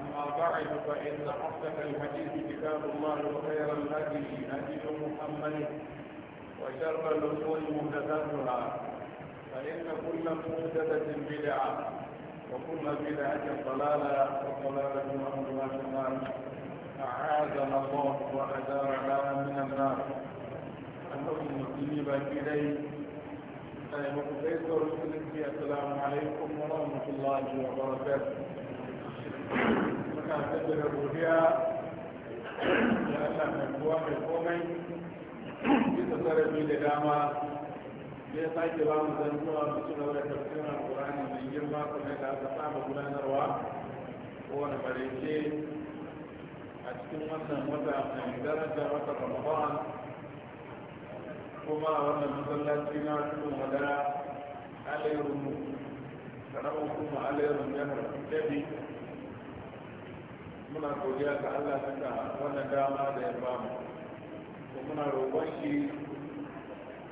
أما بعد فإن أصدق الحديث كتاب الله وخير الهدي هدي محمد وشر الأمور مهدداتها فإن كل مهددة بدعة وكل بدعة ضلالة وضلالة أمرها النار أعاذنا الله وأدارنا من النار أنتم المسلمين باكيدي السلام عليكم ورحمة الله وبركاته muna da godiya ya Allah mai komai da dama zai sake ba mu zantuwa mu ci gaba alƙur'ani mai girma gudanarwa kowane a cikin wannan wata kuma a wannan masallaci na cikin madara alayyarmu karamar kuma muna godiya ga Allah daga wannan dama da ya bamu ko muna roƙon shi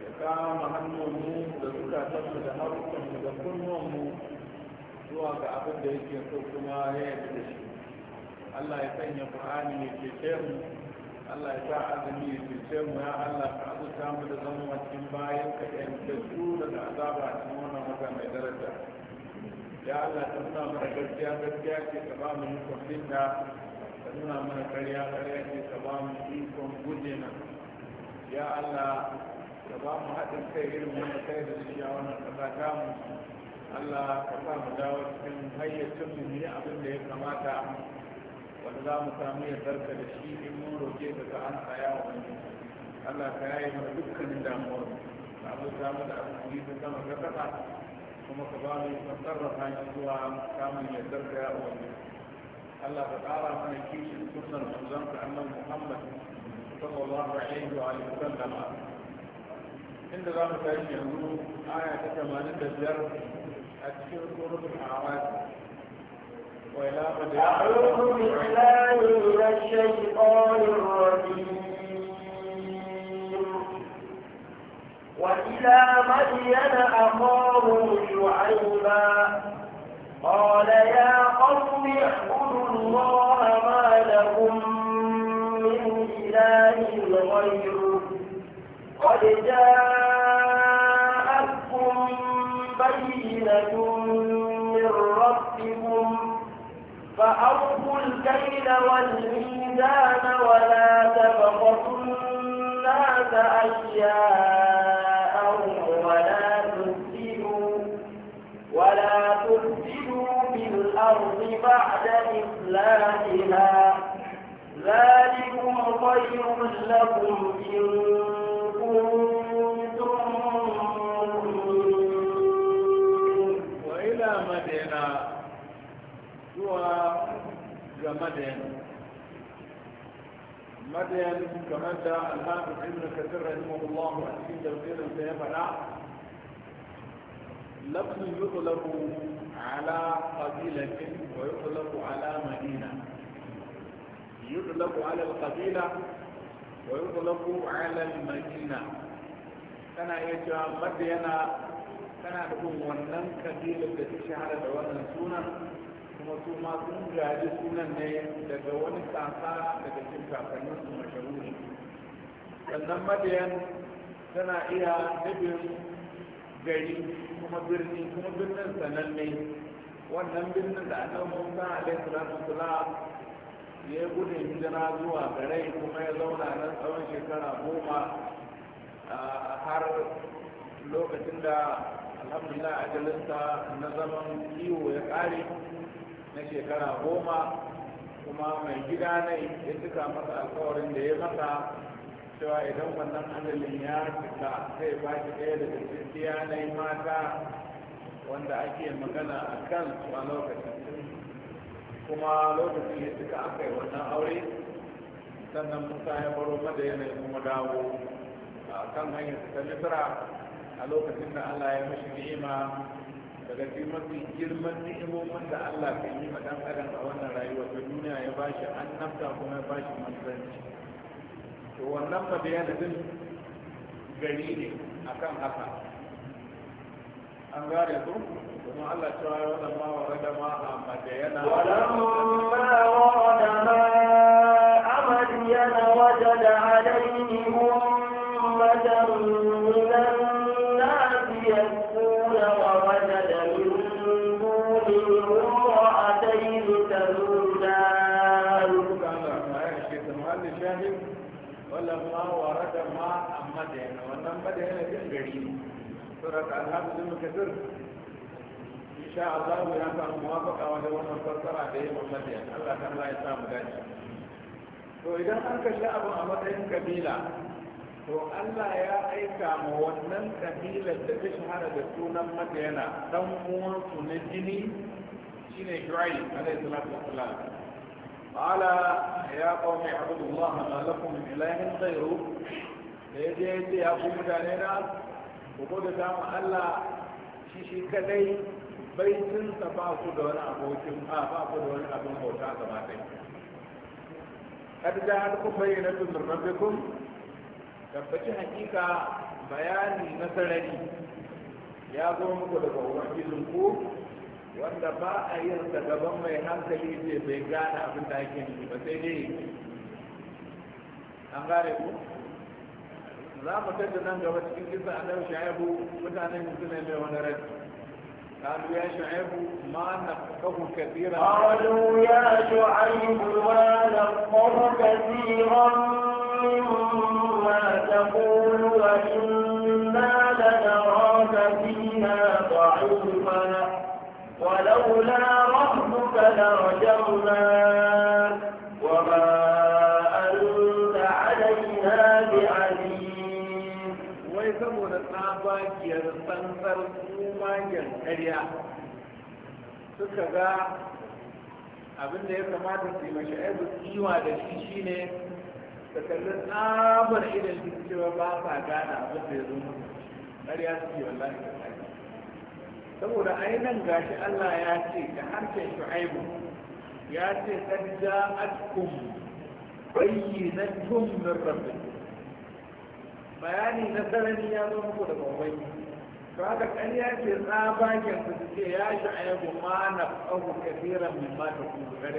ya kama hannunmu da zukatanmu da harukanmu da kunnuwanmu zuwa ga abin da yake so kuma ya yi da shi Allah ya sanya Qur'ani ya cece mu Allah ya sa azumi ya cece mu ya Allah ka azurta mu da zama cikin bayan ka da su azaba cikin wannan wata mai daraja ya Allah ta sa mana gaskiya gaskiya ce ka ba mu ikon fita ka nuna mana karya karya ce ka ba mu ikon guje na ya Allah ka ba mu haɗin kai irin wani kai da shi a wannan ƙasa ta mu Allah ka sa mu dawo cikin hayyacin mu ne abin da ya kamata wanda za mu samu zarka da shi in mun roƙe ka ga an tsaya wa wani Allah ka yaye mana dukkanin damuwar ka abu samu da abu sama ka ومقبالي فترف عن الإسلام كامل يدرك يا أولي الله فقال من الكيش الكسن الحزن فأن محمد صلى الله عليه وسلم عند ذلك أن يقول آية كما نبدأ الزر أكثر وإلى قد بالله من الشيطان الرجيم وإلى مدين أخاه شعيبا قال يا قوم اعبدوا الله ما لكم من إله غيره قد جاءتكم بينة من ربكم فأوفوا الكيل والميزان ولا تبخسوا الناس أشياء ذلكم خير لكم إن كنتم وإلى مدينة zuwa ga madayan madayan kamar da alhamis ibn kasir rahimahullah a cikin tafsirin sa ya fada lafzin yutlaku ala qabilatin wa yutlaku ala madina يطلق على القبيلة ويطلق على المدينة كان يجا مدينة كان يكون ونن قبيلة التي شهر دوانا سونا kuma su ma sun gaji sunan ne daga wani kasa daga sannan madiyan tana iya nufin gari kuma birni kuma birnin sananne wannan birnin da annabi Musa alaihi salatu wasalam ya gudun hijira zuwa rai kuma ya zauna nan tsawon shekara goma har lokacin da alhamdulillah ajalinsa na zaman kiwo ya kare na shekara goma kuma mai gida ne ya cika masa alkawarin da ya masa cewa idan wannan ajalin ya cika zai ba shi ɗaya daga cikin na mata wanda ake magana a kan a lokacin kuma lokacin ya suka aka yi wannan aure sannan musa ya baro mada yanayi kuma dawo a kan hanyar ta misra a lokacin da allah ya mashi ni'ima daga mafi girman ni'imomin da allah ka yi adam a wannan rayuwa ta duniya ya ba shi annabta kuma ya ba shi manzanci to wannan madiyana din gari ne a kan haka an gane su kuma Allah cewa ya wannan ma wa rada ma a madayana walamma warada ma a madayana wajada alayhi ummatan min an-nas yasquna wa wajada min dunihim ra'atayn tazudan walamma warada ma a madayana wannan madayana din gari surat al-hamd mukaddar sha Allah ya samu muwafaka wajen wannan fassara da ya mamadiya Allah ta ya samu gani to idan an kashe abu a matsayin kabila to Allah ya aika ma wannan kabilar da ta shahara da sunan madiyana dan uwansu na jini shine Ibrahim alayhi salatu wassalam قال يا قوم اعبدوا الله ما لكم من اله غيره ليجي يا قوم دانينا وقد دام الله shi shi kadai baitinsa ba ku da wani abokin ba ba ku da wani abin bauta gaba ɗaya kad ja'alkum bayyinatun min rabbikum tabbaci hakika bayani na sarari ya zo muku daga ubangijin ku wanda ba a yin sa gaban mai hankali ce bai gane abin da ake nufi ba sai dai an gare ku za mu tattalin nan gaba cikin kisa a nan shaibu mutanen suna mai wani rai قالوا يا شعيب ما نفقه كثيرا قالوا يا شعيب ما نفقه كثيرا مما تقول وإنا لنراك فينا ضعيفا ولولا رحمك لرجمناك saboda tsabagiyar tsantsar tsumagen karya suka ga abin da ya kamata su yi mashi aibu kiwa da shi shi ne da kallon tsabar idan su cewa ba sa gada abin da ya zo musu karya su ke wallahi da saboda ainihin gashi Allah ya ce da harshen shu'aibu ya ce kad ja'atkum bayyinatun min rabbikum bayani na sarari ya zo muku da bambai to haka ya ce tsabagen su ce ya shi a yabu ma na ƙahu kasiran min ma ta kuma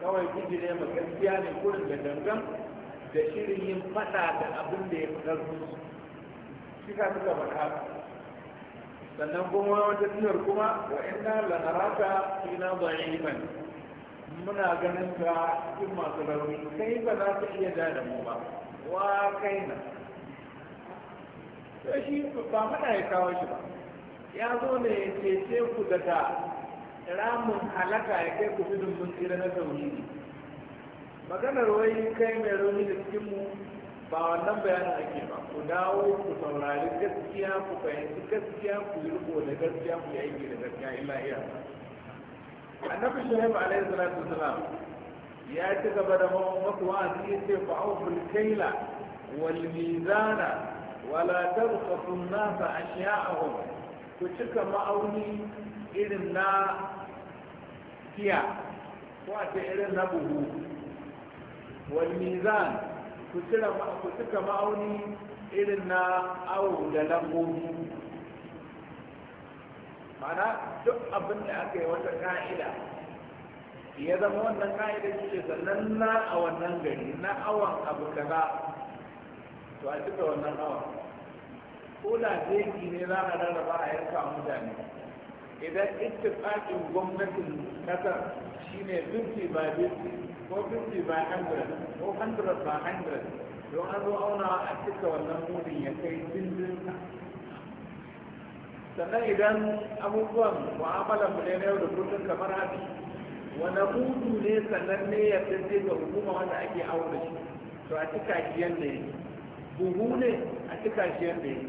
kawai kiji ne ma gaskiya ne kurin da dangan da shirin yin fada da abin da ya karfi shi ka suka baka sannan kuma wata tunar kuma wa inna lanaraka fi na dha'iman muna ganin ka cikin masu rauni kai ba za ka iya da mu ba wa kaina to shi ba faɗa ya kawo shi ba ya zo ne ya cece ku daga ramin halaka ya kai ku gudun mun tsira na ne. maganar wai kai mai rauni da cikin mu ba wannan bayanin ake ba ku dawo ku saurari gaskiya ku fahimci gaskiya ku yi riko da gaskiya ku yi aiki da gaskiya illa iya annabi shuhaib alaihi salatu wasalam ya ci gaba da masu wa'azi ya ce fa'auful kaila wal mizana wala tarqasu an-nasa ashya'ahum ku cika ma'auni irin na kiya ko a ce irin na buhu wal mizan ku cika ma'auni irin na awo da lambobi mana duk abin da aka yi wata ka'ida ya zama wannan ka'idar shi ce sannan na a wannan gari na awon abu kaza to a cika wannan awon ko da zai ne za a rarraba a yanka mutane idan ittifaqin gwamnatin kasar shine 50 by 50 ko 50 by 100 ko 100 by 100 don an zo auna a cika wannan mudin ya kai dindin sannan idan abubuwan mu'amalar mu na yau da kullum kamar haka wani hudu ne sannan ne ya fi ga hukuma wanda ake auna shi to a cika shi yadda ya buhu ne a cika shi yadda ya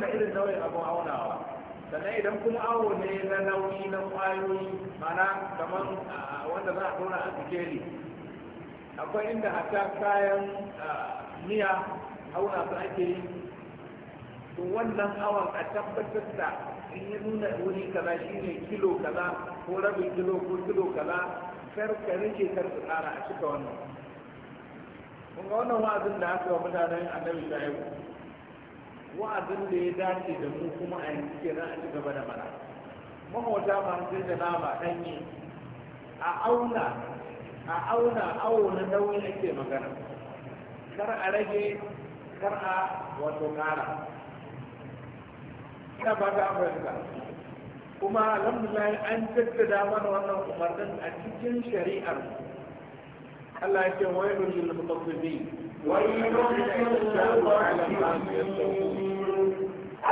na irin nau'in abin aunawa sannan idan kuma awo ne na nauyi na kwayoyi mana kamar wanda za a tona a sikeli akwai inda ta kayan miya auna su ake yi to wannan awon a tabbatar da in ya nuna wuri kaza shine kilo kaza ko rabin kilo ko kilo kaza kar ka rike kar su tsara a cika wannan kun ga wannan wa'azin da aka wa mutanen annabi shaibu wa'azin da ya dace da mu kuma a yanzu kenan a ci gaba da mana mahota masu da nama ɗanye a auna a auna awo na nauyi ake magana kar a rage kar a wato ƙara ina ba ta amurka kuma alhamdulillah an jaddada mana wannan umarnin a cikin shari'ar Allah ya ce wailu lil mutaffifin wailu lil mutaffifin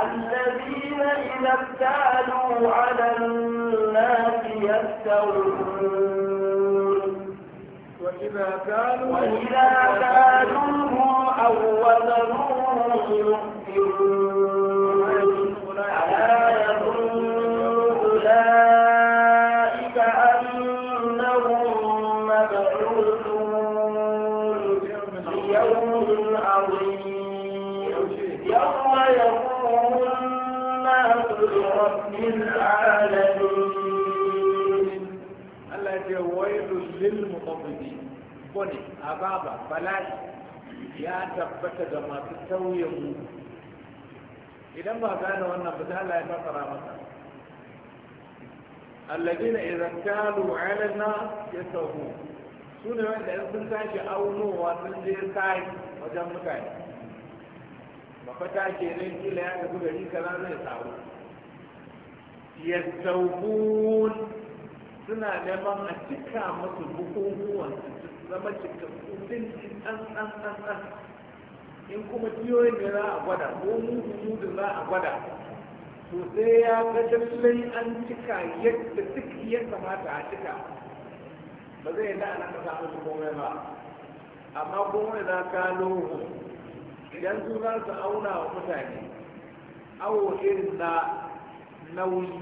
الذين إذا اكتالوا على الناس يستوون وإذا كانوا وإذا كانوا أو وزنوهم يؤثرون يوم عظيم يوم يقوم الناس لرب العالمين الذي ويل للمطففين بني عذابا بلاء يا تبت ما تسوي idan ba gane wannan ba Allah ya fassara masa alladina idan kalu alana yasahu su ne wanda in sun tashi aunowa sun je kai wajen mutane mafata ke nan kila ya tafi gari kaza zai samu saukun suna neman a cika musu bukukuwan su zama cikakku din an an an an in kuma tiyoyin da za a gwada ko musu mudu za a gwada to sai ya ga lallai an cika yadda duk yadda mata a cika ba zai da nan kasa samu su komai ba amma kuma da ka lohu idan su za su auna wa mutane awo irin na nauyi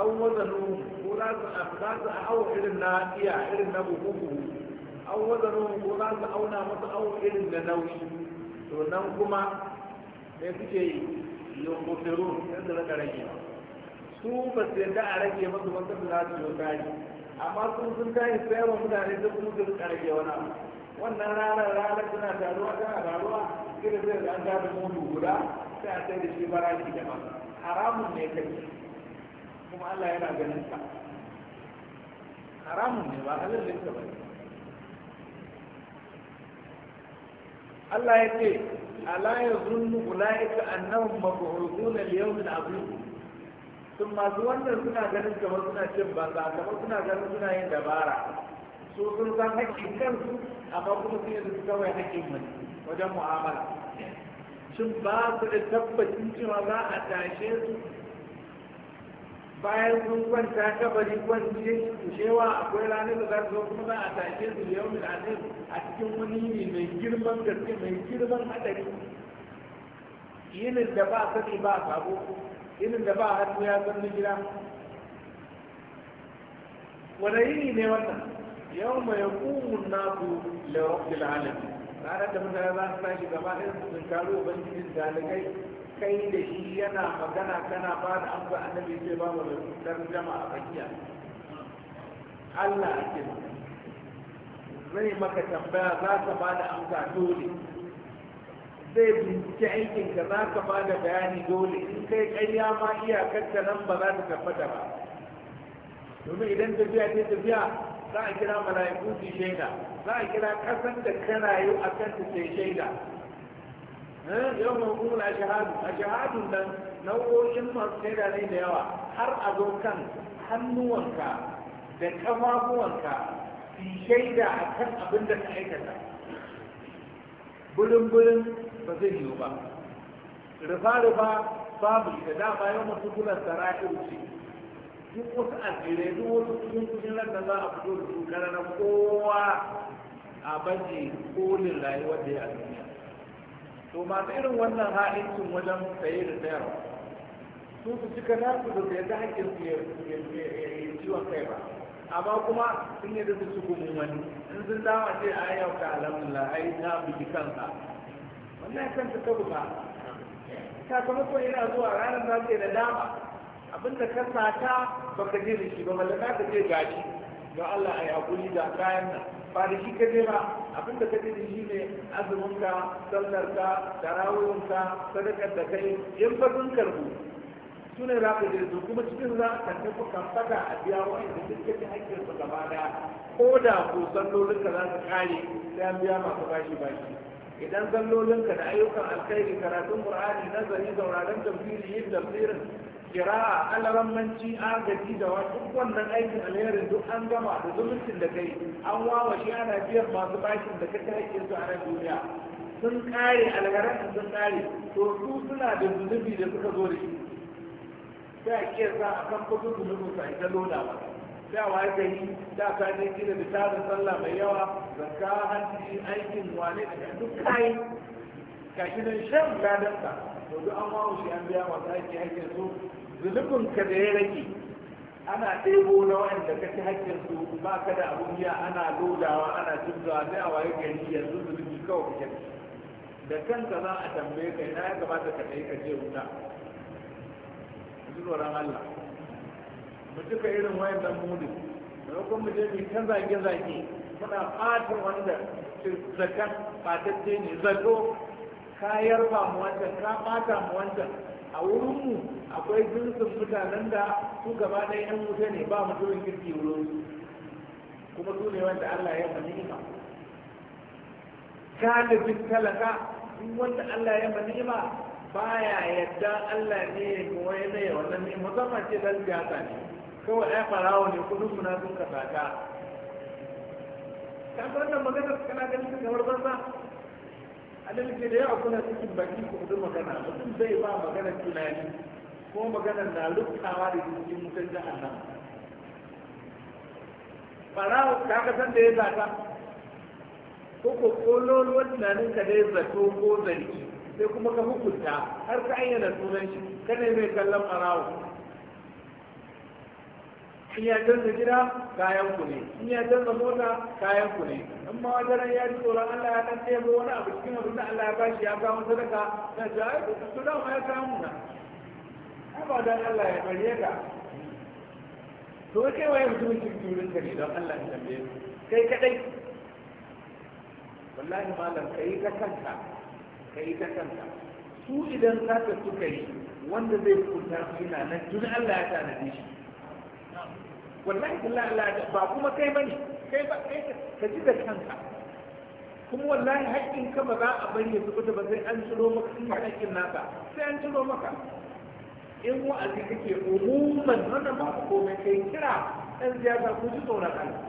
an wazanu ko za su awo irin na iya irin na bukuku an wazanu ko za su auna masa awo irin na nauyi to nan kuma ne suke yi yunkufiru yadda na rage su ba su yadda a rage masu wasu za su yi amma sun sun tashi sayar wa mutane sun kuma sun karge wani abu wannan ranar ranar suna taruwa tana taruwa kira zai da an tafi mudu guda sai a sai da shi shi da ba haramun ne kai kuma Allah yana ganin ka haramun ne ba halin ne ka bane Allah ya ce ala yazunnu ulaika annahum mab'uthuna liyawmin azim sun masu wannan suna ganin kamar suna cin banza kamar suna ganin suna yin dabara su sun san hakkin kansu amma kuma sun yanzu kawai hakkin mai wajen mu'amala shin ba su da tabbacin cewa za a tashe su bayan sun kwanta kabari kwanci cewa akwai ranar da za su zo kuma za a tashe su da yau ranar a cikin wani ne mai girman gaske mai girman hadari yinin da ba sani ba sabo irin da ba hannu ya san na gida wani yini ne wannan yau mai kumun nasu lewafil alami ranar da mutane za su tashi gaba ɗin su tunkaru ubangijin dalibai kai da shi yana magana kana ba da amsa annabi sai ba mu da tarjama a bakiya Allah ake zai maka tambaya za ka ba da amsa dole zai bincike aikinka za ka ba da bayani dole in kai karya ma iyakarta nan ba za ta tabbata ba domin idan tafiya ce tafiya za a kira mala'iku su shaida za a kira kasan da kana yi a kan su sai shaida eh, yau mai kuma a shahadu a shahadun nan nau'o'in masu shaida ne da yawa har a zo kan hannuwanka da ƙafafuwanka su shaida a kan abin da ka aikata bulun-bulun ba zai yiwu ba rufa-rufa babu ita da bayan wasu kula sara'ir ce duk wasu asirai duk wasu cikin cikin ran da za a fito da su na kowa a baje kolin rayuwar da ya duniya to masu irin wannan ha'incin wajen saye da sayarwa su su cika su da sayar da hakkin su ya ciwon kai ba amma kuma sun yi da su cikin wani in sun dama ce a yau ka alamun la'ai ta bikin kanka wannan kan ta buga sakamakon yana zuwa ranar za ta da dama abinda ka sata ba ka je da shi ba mallaka ka je gashi don Allah a yi hakuri da kayan nan ba da shi ka je ba abinda ka je da shi ne azuminka sallarka tarawihunka sadakar da kai yan fasin karbu su ne za ka je su kuma cikin za ka tafi kamfata a biya wa'anda duk kafin hakkin su gaba daya ko da ko sallolinka za ka kare sai an biya masu bashi bashi idan zallolinka da ayyukan alkhairi karatun qur'ani nazari zauraron tafsiri yin tafsirin kira'a alarammanci agaji da wasu wannan aikin alherin duk an gama da zumuncin da kai an wawashe ana biyan masu bashin da kake hakkin su a nan duniya sun kare algaran sun kare to su suna da zunubi da suka zo da shi sai a kiyasa a kan kudu zunubin sa ita loda ba dawa wa yi da ka je gida da tarin sallah mai yawa zakka hanci aikin wane da duk kai ka shi dan shan ladan ka to duk an wawo shi an biya masa aiki aikin su zulubin ka da ya rage ana ɗebo na wa'anda ka ci hakkin su ba ka da abun ya ana lodawa ana tunzawa sai wa ya gani yanzu zulubi kawai kake da kanka za a tambaye ka ina ya kamata ka kai ka je wuta zuwa Allah mu duka irin da muni maimakon mu je mu ta zage zage muna fatan wanda zakat ce ne zato kayar ba mu wancan ka fata mu wancan a wurinmu akwai jinsin mutanen da su gaba ɗaya yan wuta ne ba mutumin kirki wurin kuma su ne wanda Allah ya mani ni'ima galibin talaka duk wanda Allah ya mani ba baya yadda Allah ne ya ya ne wannan ne musamman ce dan siyasa ne kawai ai Farawo ne kudin mu na sun ka saka ka san wannan magana kana ganin ta kamar banza annabi ke da yawa kuna cikin baki ku kudin magana mutum zai ba magana tunani ko magana na lukawa da cikin mutan jahannam farawa ka ka san da ya zata ko ko kololuwar tunanin ka da ya zato ko zargi sai kuma ka hukunta har ka ayyana sunan shi kada mai kallon farawa in ya canza gida kayan ku ne in ya canza mota kayan ku ne in ma wajen ya ji tsoron Allah ya kan tebo wani abu cikin abin da Allah ya bashi ya kawo sadaka na ce ai su da ya samu na ai ba dan Allah ya bare ka to kai waye mutumin cikin turin ka ne don Allah ya tambaye kai kadai wallahi malam kai ka kanta kai ka kanta su idan ka suka yi wanda zai kunta su yana nan tun Allah ya tanade shi wallahi lalata, Allah ba kuma kai bane kai ba kai ka ji da kanka kuma wallahi haƙƙin ka ba za a bari ya zubuta ba sai an tsoro maka in haƙƙin naka sai an tsoro maka in wa'azi kake umuman wannan ba ku komai kai kira ɗan siyasa ku ji tsoron Allah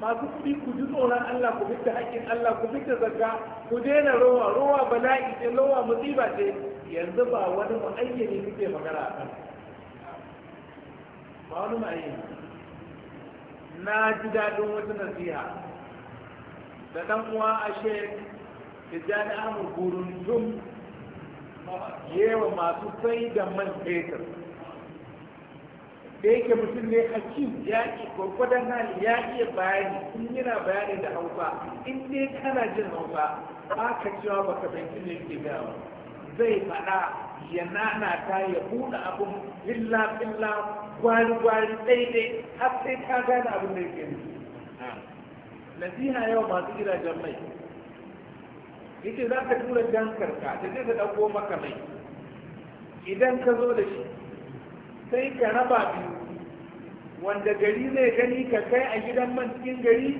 masu kuɗi ku ji tsoron Allah ku fita haƙƙin Allah ku fita zakka ku daina rowa rowa bala'i ce rowa musiba ce yanzu ba wani mu'ayyani kuke magana a kan ba wani mu'ayyani na ji daɗin wata nasiha da ɗan uwa a shek tijjani amur tun yewa masu sai da man fetur da yake mutum ne hakim ya ko gwagwadon hali ya iya bayani in yana bayani da hausa in dai kana jin hausa ba ka cewa ba ka fahimci ne ke gawa zai faɗa ya nana ta ya buɗe abin illa illa gwari gwari daidai har sai ka gane abin da yake nufi nasiha yau masu gidajen mai yace za ka tura dankarka da zai ka ɗauko maka mai idan ka zo da shi sai ka raba biyu wanda gari zai gani ka kai a gidan man cikin gari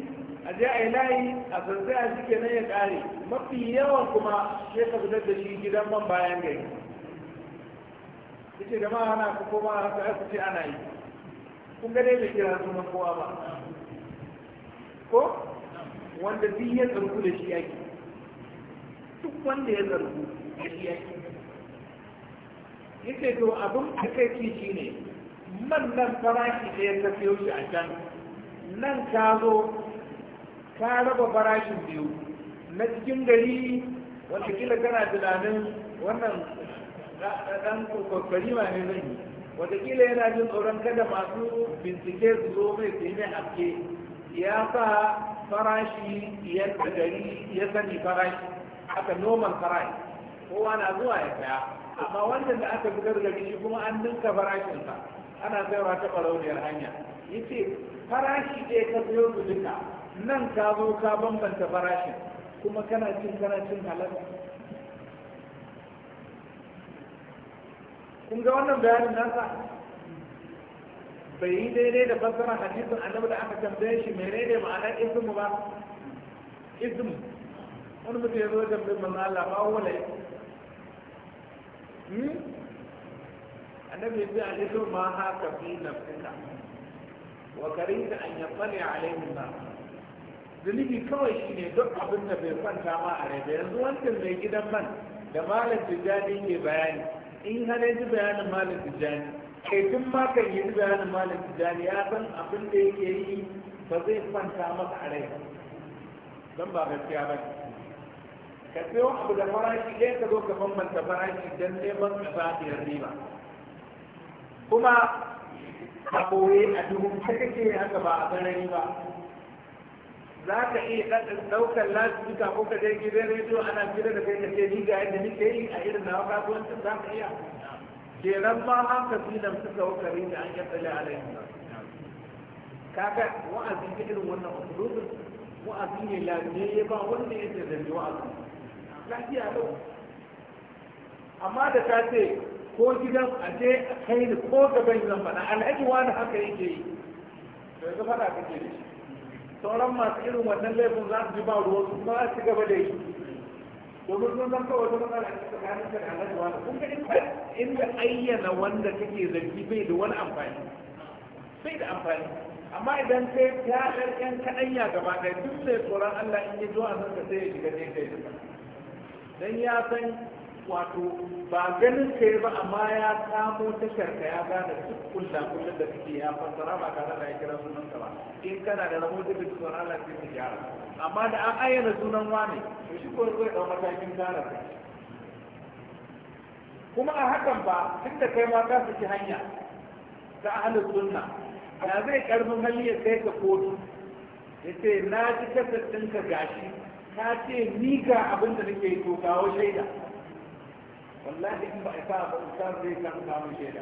a je a yi layi a zanzai a shi nan ya kare mafi yawan kuma sai ka fitar da shi gidan man bayan gari da ma ana ku koma haka ya ce ana yi kun ga dai bai kira sunan kowa ba ko wanda duk ya tsarku da shi yaki duk wanda ya tsarku da shi yaki yake to abin akaici ne, man nan farashi ɗaya ya fiye shi a can nan ka zo ka raba farashin biyu na cikin gari wanda kila kana tunanin wannan ɗan ma ne zan yi watakila yana jin tsoron kada masu bincike su zo mai su yi mai haske ya sa farashi ya gari ya sani farashi aka noman farashi kowa na zuwa ya saya amma wanda da aka fitar da shi kuma an ninka farashinsa ana sayarwa ta ɓarauniyar hanya yace farashi ɗaya ta biyo su duka nan ka zo ka bambanta farashin kuma kana cin kana cin halaka kun ga wannan bayanin nasa bai yi daidai da fassara hadisin annabi da aka tambaye shi menene ma'anar ismu ba ismu wani mutum ya zo tambayin manzo Allah ba wala hmm? annabi ya ce a ismu ma haka fi nafsika wa karita an yattali alaihi ba zunubi kawai shi ne duk abin da bai kwanta ma a rai yanzu wancan mai gidan man da malam tijjani ke bayani in har ji bayanin malam tijjani kai tun ma kan yi bayanin malam tijjani ya san abin da yake yi ba zai kwanta maka a rai don ba gaskiya ba ka sayo abu da farashi ɗaya ka zo ka bambanta farashi don neman kafafiyar riba kuma a ɓoye a duhun haka kake haka ba a tsanani ba za ka iya ɗaɗin ɗaukar lasifika ko ka dai gidan rediyo ana gida da kai ka ce ni ga yadda nake yi a irin nawa kasuwancin za ka iya kenan ma haka filan suka wakari da an yi tsale alayhi kaga wa'azi ta irin wannan usulubin wa'azi ne lafiya ba wanda ya ce zargi wa'azi lafiya lau amma da ta ce ko gidan a je a kai ni ko gaban zan na alhaji wani haka yake yi to yanzu faɗa kake da shi sauran masu irin wannan laifin za su ji ba ruwa su ba su gaba da shi domin sun san kawai wata matsala cikin tsakanin ka da alhaji wani kun ga inda ayyana wanda kake zargi bai da wani amfani bai da amfani amma idan sai ta ɗan kaɗan ya gaba ɗaya duk mai tsoron Allah in ya zo a nan sai ya shiga daidai da dan ya san wato ba ganin ka ba amma ya samo tashar ka ya gane duk kulla kullun da kake ya fassara ba tare da ya kira sunan ka ba in kana da rahoton da tsoron Allah sai ka gyara amma da an ayyana sunan wani to shi ko zai dau matakin gyara kuma a hakan ba tun da kai ma ka saki hanya ta ahlus sunna da zai karfin hali ya kai ka kotu yace na ji kasar ɗinka gashi ka ce ni ga abin da nake to kawo shaida wallahi in ba a sa ba ustaz zai san samun shaida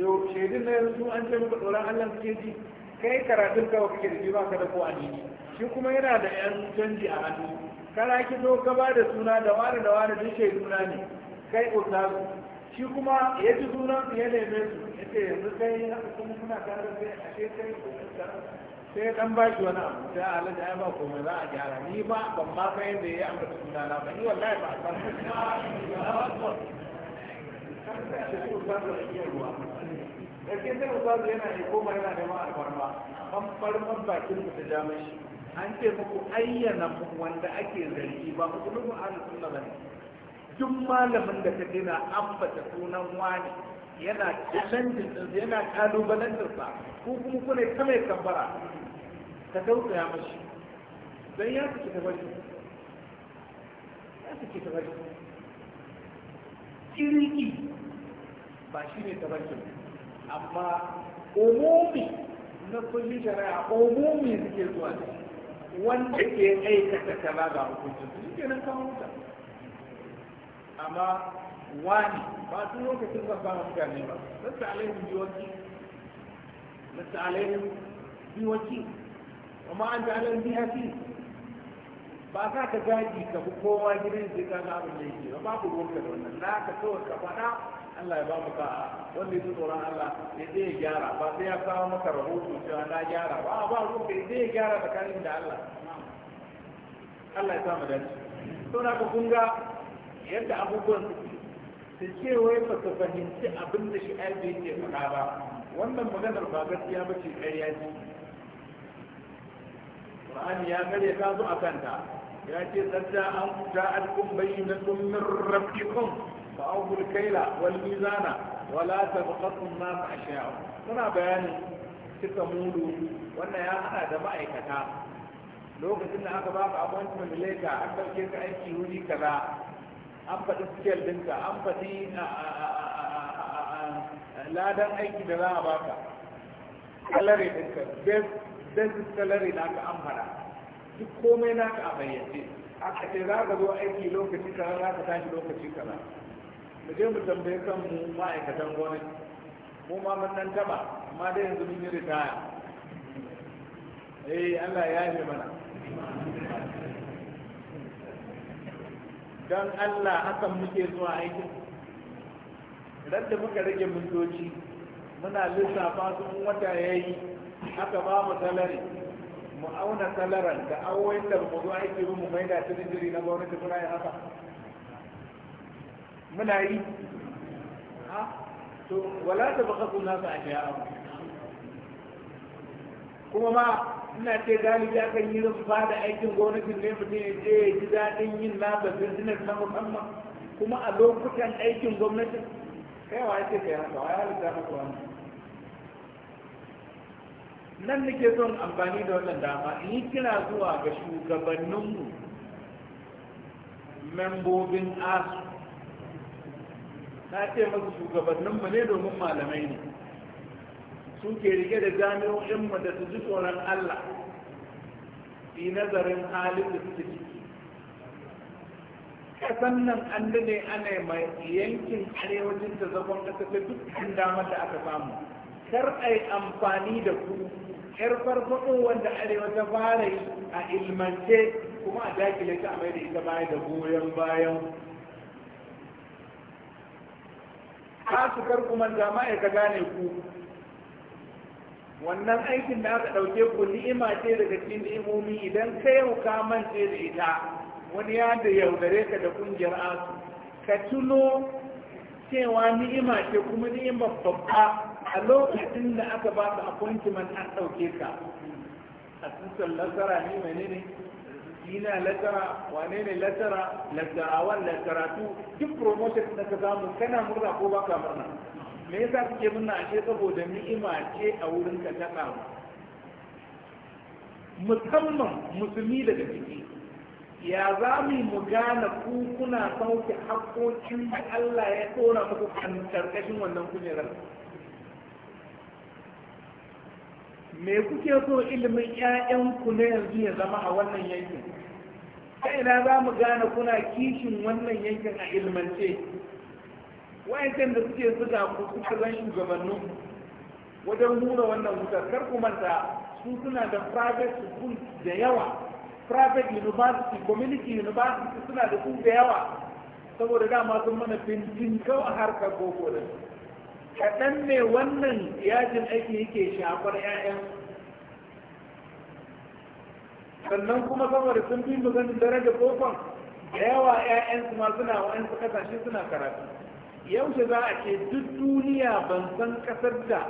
yau shaidun na yanzu an ce muka tsoron Allah suke ji kai karatun kawai kake da shi ba ka da ko anini shi kuma yana da yan canji a hannu kana ki zo ka ba da suna da wani da wani duk shaiduna ne kai ustaz shi kuma ya ji sunan ya neme su ya ce yanzu kai haka kuma kuna tare da kai ashe kai ustaz sai dan ba wani abu sai a halatta ya ba komai za a gyara ni ba ban ma san yadda ya ambata suna na ba ni wallahi ba a san Ƙarfi sai Ustazu yana ne koma yana neman alfarma, ban farman bakin ku ta jami shi, an ce muku ayyana wanda ake zargi ba musulmin ahlus sunna bane. Duk malamin da ka dina ambata sunan wani yana challenging din yana kalubalantar sa ko kuma kuna ta mai ta ka ya mashi dan ya fice ta bari ya fice ta bari kiriki ba shi ne ta bari amma umumi na kulli shari'a umumi suke zuwa ne wanda ke aikata kaza ga hukuncin su shi nan kan hukunta amma wani ba su lokacin zan ba mutane ba lasta alaihim biwaki lasta alaihim biwaki amma an ta alaihim bihafi ba za ka gaji ka fi kowa gidan zai ka na abin da yake ba ku ruwanka da wannan na ka so ka faɗa Allah ya ba mu ka wanda ya tsoron Allah ya zai gyara ba sai ya kawo maka rahoto cewa na gyara ba ba ruwanka ya zai gyara gyara tsakanin da Allah Allah ya sa mu dace to na ku kun ga yadda abubuwan suke ta ce wai ba ta fahimci abin da shi aibe yake faɗa ba wannan maganar ba gaskiya ba ce ƙarya ce Qur'ani ya karya ta zo a kanta ya ce tsadda an ta alkum bayyinatun min rabbikum fa awful kaila wal mizana wala tabqatu an-nas ashya'u suna bayanin cika mudu wannan ya hada da ma'aikata lokacin da aka baka appointment later an ɗauke ka aiki wuri kaza an faɗi skill ɗinka an faɗi ladan aiki da za a baka Salari ɗinka best na ka an fara duk komai na ka a bayyace a ce za ka zo aiki lokaci kaza za ka tashi lokaci kaza mu je mu tambaye kanmu ma'aikatan gwamnati mu ma mun nan taba amma dai yanzu mun yi ritaya eh Allah ya yi mana don Allah hakan muke zuwa aikin idan da muka rage mintoci muna lissafa su wata ya yi aka ba mu salari mu auna salaran da awoyin da mu zo aiki mu mai da cikin jiri na gwamnati muna yi haka muna yi ha to wala ta baka suna su a shi'a kuma ma ina ce galibi akan yi rufe ba da aikin gwamnatin ne mutum ya je ya ji daɗin yin nasa business na musamman kuma a lokutan aikin gwamnati kai wa ce kai haka wa ya halitta maka wani nan nake son amfani da wannan dama in yi kira zuwa ga shugabanninmu membobin asu na ce masu shugabanninmu ne domin malamai ne suke rike da jami'o'inmu da su ji tsoron Allah fi nazarin halin da suke ciki kasan nan an dade ana mai yankin arewacin ta zagon kasa ta dukkan damar da aka samu kar a yi amfani da ku yar farfaɗo wanda arewa ta fara yi a ilmance kuma a dakile ta a mai da ita baya da goyon bayan ka su kar kuma ya ma'aikata gane ku wannan aikin da aka ɗauke ku ni'ima ce daga cikin ni'imomi idan ka yau ka mance da ita wani ya da yaudare ka da kungiyar asu ka tuno cewa ni'ima ce kuma ni'ima babba a lokacin da aka ba ka appointment an ɗauke ka a sun lasara ne mene ne ina lasara wane ne lasara lasarawan lasaratu duk promotion da ka samu kana murna ko baka murna me yasa kuke muna ashe saboda ni'ima ce a wurin ka ta musamman musulmi daga ciki ya za mu mu gane ku kuna sauke haƙoƙin da Allah ya tsora muku karkashin wannan kujerar me kuke so ilimin 'ya'yanku na yanzu ya zama a wannan yankin ta ina za mu gane kuna kishin wannan yankin a ilmance wa'ancan da suke zuga ku suka zan shugabannin wajen nuna wannan wutar kar ku manta su suna da private school da yawa private university community university suna da su da yawa saboda dama sun mana fintin kawai harkar da kaɗan ne wannan yajin aiki yake shafar 'ya'yan sannan kuma saboda sun fi mu ganin daraja bokon da yawa su ma suna wa'ansu kasashe suna karatu yaushe za a ce duk duniya ban san kasar da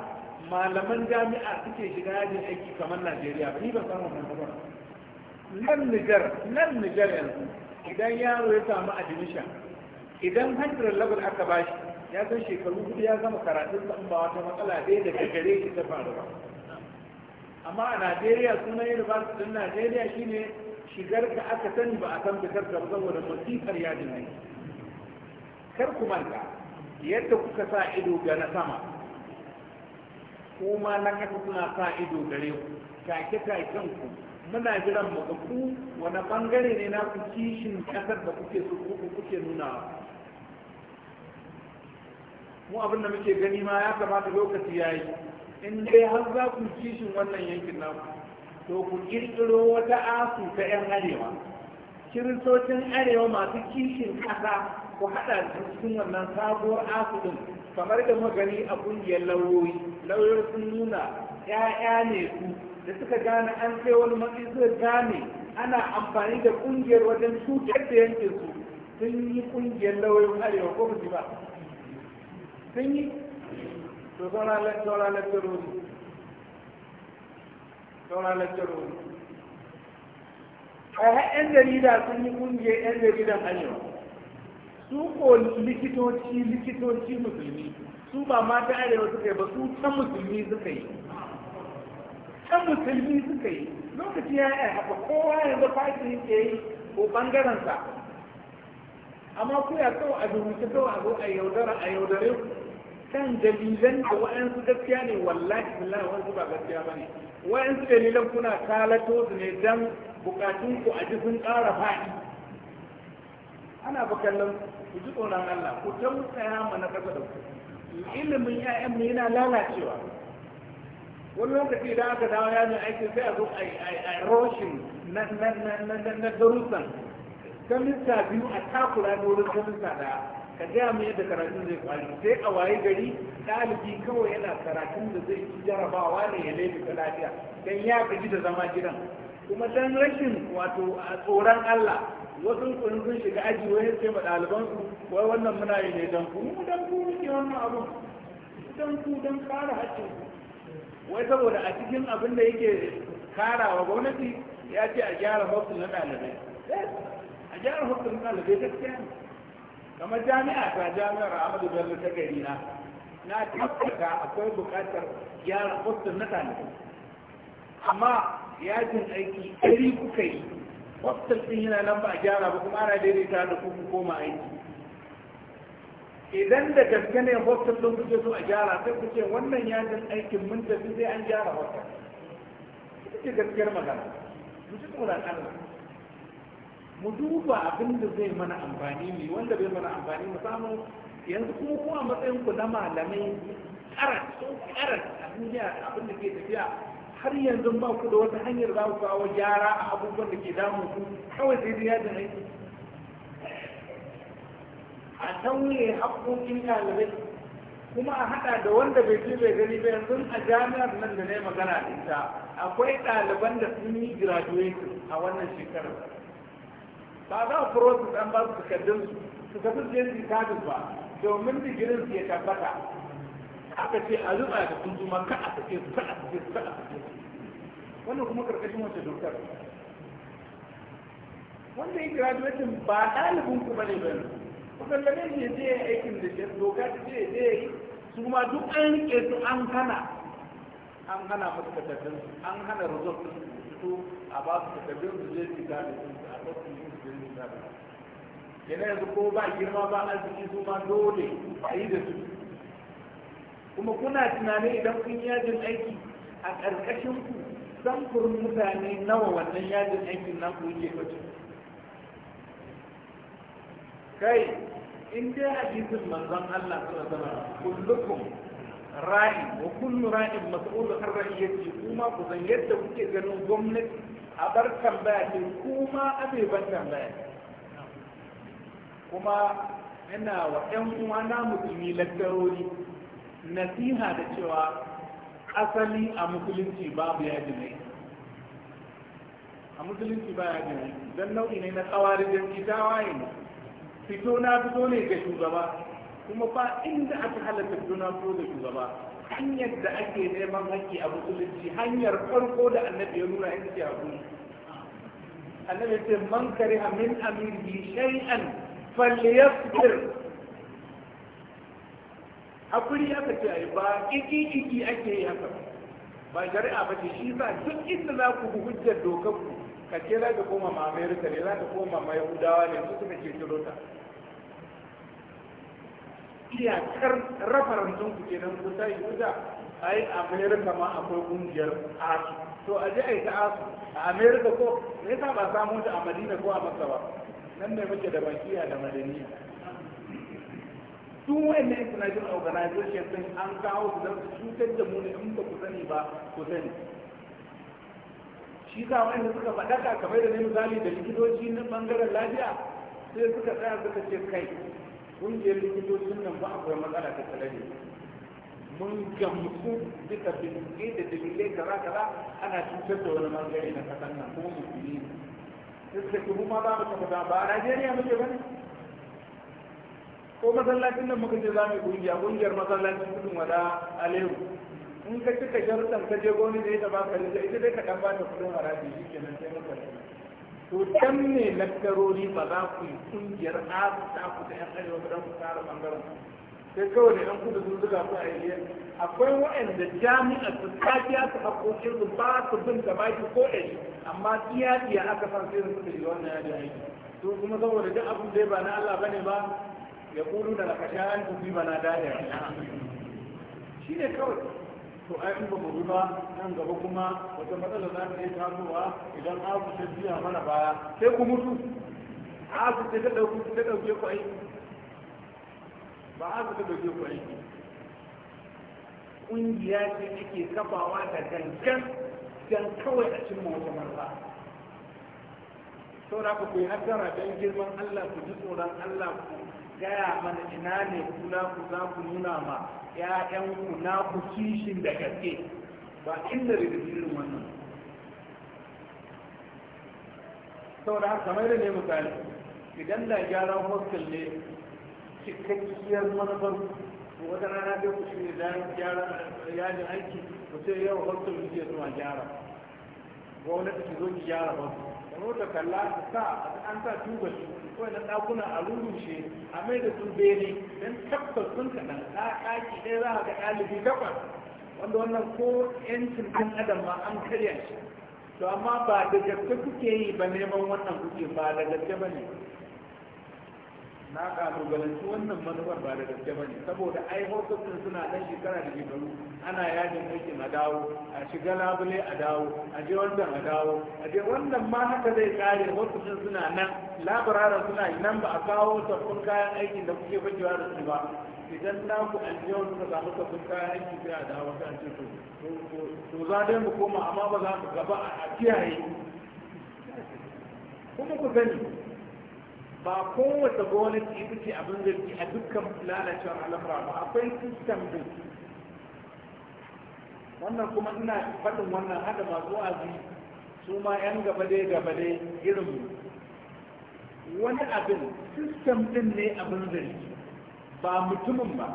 malaman jami'a suke shiga yajin aiki kamar najeriya ba ni ban san wannan ba nan nijar nan nijar yanzu idan yaro ya samu admission idan 100 level aka bashi ya san shekaru hudu ya gama karatun sa ba wata matsala dai daga gare shi ta faru ba amma a najeriya sunan university din najeriya shine shigar ka aka sani ba a san fitar ka saboda masifar yajin aiki kar ku manta yadda kuka sa ido ga na sama kuma na kasa suna sa ido gare ku take taken ku muna jiran mu ku wani bangare ne na ku kishin kasar da kuke so ku kuke nuna mu abin da muke gani ma ya kamata lokaci yayi in dai har za ku kishin wannan yankin na ku. to ku kirkiro wata asu ta yan arewa kiristocin arewa masu kishin kasa ku haɗa cikin wannan sabuwar asibin kamar da magani a ƙungiyar lauyoyi lauyoyi sun nuna ‘ya'ya ne su da suka gane an sai wani matsayi suka gane ana amfani da ƙungiyar wajen cutar da yanke su sun yi ƙungiyar lauyoyin arewa ko ba ba sun yi to sauran lakcarori sauran lakcarori a 'yan jarida sun yi ƙungiyar 'yan jaridan arewa su ko likitoci likitoci musulmi su ba ma ta arewa suka yi ba su ta musulmi suka yi ta musulmi suka yi lokaci ya yi haka kowa yanzu fashi ke yi ko bangarensa amma ku ya kawai a rubuce kawai a zo a yaudara a yaudare ku kan dalilan da wa'ansu gaskiya ne wallahi billahi wa'ansu ba gaskiya ba ne wa'ansu dalilan kuna kalato su ne dan bukatun ku a jisun ƙara faɗi ana ba kallon ku ji tsoron Allah ku tausaya ma na kasa da ku ilimin yayan mu yana lalacewa wani lokaci idan aka dawo yamin aikin sai a zo a roshin na darussan kamista biyu a takura da wurin kamista daya ka gaya mu yadda karatun zai kwari sai a waye gari ɗalibi kawai yana karatun da zai ci jarabawa ne ya laifi ta lafiya don ya gaji da zama gidan kuma don rashin wato a tsoron Allah wasu kun sun shiga aji wai sai ma ɗaliban su wai wannan muna yi ne dan ku mu dan ku muke wannan abun dan ku dan kare haƙƙin wai saboda a cikin abin da yake karawa gwamnati ya ce a gyara hostel na ɗalibai eh, a gyara hostel na ɗalibai gaskiya ne kamar jami'a ta jami'ar Ahmadu Bello ta gari na na tabbata akwai buƙatar gyara hostel na ɗalibai amma yajin aiki ɗari kuka yi hostel ɗin yana nan ba a gyara ba kuma ana daidaita da ku koma aiki idan da gaske ne hostel ɗin kuke so a gyara sai ku ce wannan yajin aikin mun tafi sai an gyara hostel ita ke gaskiyar magana mu ci tsoron Allah mu duba abin da zai mana amfani ne wanda bai mana amfani mu samu yanzu kuma ko a matsayin ku na malamai karat so karat a duniya abin da ke tafiya har yanzu ba ku da wata hanyar za ku kawo gyara a abubuwan da ke damu ku kawai sai dai yajin aiki a tauye haƙoƙin ɗalibai kuma a haɗa da wanda bai je bai gani ba yanzu a jami'ar nan da na yi magana da ita akwai ɗaliban da sun yi graduation a wannan shekarar ba za a furo su ɗan ba su takardun su su tafi jirgin ba domin digirin su ya tabbata aka ce a zuba da sun zuma ka a sake su ka a sake su ka a sake su wannan kuma karkashin wace dokar wanda yi graduation ba ɗalibin ku bane ba ne ku sallame shi je ya aikin da ke doka ta ce je ya yi su ma duk an rike su an hana an hana musu su an hana result su fito a ba su takardun su zai su gane su a ɗauki su je su gane yana yanzu ko ba girma ba arziki su ma dole a yi da su kuma kuna tunanin idan kun yajin aiki a ƙarƙashin ku samfurin mutane nawa wannan yajin aikin na ku yake kwace kai in dai hadisin manzon Allah sallallahu alaihi wasallam kullukum ra'in wa kullu ra'in mas'ulun an kuma ku san yadda kuke ganin gwamnati a bar tambaya ce kuma abe tambaya kuma ina wa ƴan uwa na musulmi lakkarori nasiha da cewa asali a musulunci babu ya aiki a musulunci ba ya aiki don nau'i ne na tsawarin jirgi tawaye ne fito na fito ne ga shugaba kuma ba inda aka halatta fito na fito da shugaba hanyar da ake neman haƙƙi a musulunci hanyar farko da annabi ya nuna ita a haƙuri annabi ya ce man kariha min amirihi shay'an falyasbir haƙuri aka ce ai ba ƙiƙi-ƙiƙi ake yi haka ba shari'a ba ce shi sa duk inda za ku hujjar dokar ku ka ce za ka koma ma amerika ne za ka koma ma yahudawa ne su suka ke ciro ta iyakar rafarantun ku ke nan kusa yi kusa yi amerika ma akwai ƙungiyar asu to a ji a yi ta asu a amerika ko me yasa ba samun ta a madina ko a masa ba nan ne muke da bankiya da madaniya duk wayannan international organization din an kawo su don su cutar da mu ne in ba ku sani ba ku sani shi sa wanda suka faɗaka kamar da ne misali da likitoci na bangaren lafiya sai suka tsaya suka ce kai kungiyar likitocin nan ba akwai matsala ta tsanani mun gamsu duka bincike da dalilai kaza kaza ana cutar da wani bangare na kasan nan ko musulmi sai suka ce Ba ma za mu tafi ba a Najeriya muke bane ko masallacin nan muka ce za mu kungiya kungiyar masallacin tudun wada alewu. in ka cika sharuɗan ka je goni da ita ba ka da ita dai ka dan ba ta kudin haraji shi kenan sai muka to can ne lakkarori ba za ku yi kungiyar asu ta ku da yan arewa ba ku tsara ɓangaren. sai kawai ne an kudu sun zuga su a yi akwai waɗanda jami'a su tafiya su haƙoƙin su ba su bin da baki ko ɗari amma iya iya aka san sai su suka yi wannan yadda aiki to kuma saboda duk abin da ba na Allah ne ba ya kulu da lakasha an tafi bana dajiyar shi ne kawai to a yi ba mu ba nan gaba kuma wata matsala za ta yi tasowa idan abu ta biya mana baya sai ku mutu abu ta ɗauki ta ɗauke ku aiki ba abu ta ɗauke ku aiki ƙungiya ce ake kafawa da gangan dan kawai a cimma wata manufa saura ku kuyi hajjara don girman Allah ku ji tsoron Allah ku gaya mana ina ne kuna ku za ku nuna ma ku na ku kishin da gaske ba inda dalilin wannan sau da haka mai da ne misali idan da gyaran hostel ne cikakkiyar manufar wata rana dai ku shirya da gyara yajin aiki ku sai yau hostel ke zuwa gyara gwamnati ki zo ki gyara hostel da mota kalla ta sa an sa tuba su kawai na ɗakuna a rurushe a mai da su bene don tabbas sun kaɗan ɗaki ɗaya za a ga ɗalibi takwas wanda wannan ko yancin ɗan adam ma an karya shi to amma ba da gaske kuke yi ba neman wannan kuke ba da gaske ba ne na kalubalanci wannan manufar ba da gaske ba ne saboda ai hotun suna dan shekara da shekaru ana yajin aikin a dawo a shiga labule a dawo a je wannan a dawo a je wannan ma haka zai kare hotun suna nan labararan suna nan ba a kawo sabbin kayan aikin da kuke bajewa da su ba idan na ku wani suka samu sabbin kayan aiki sai a dawo kan ce to to za dai mu koma amma ba za mu gaba a kiyaye kuma ku gani. ba kowace gwamnati ita ce abin ke a dukkan lalacewar al'amura ba akwai sistem din wannan kuma ina faɗin wannan hada masu azi su ma 'yan gaba dai gaba dai irin wani abin sistem din ne abin zargi ba mutumin ba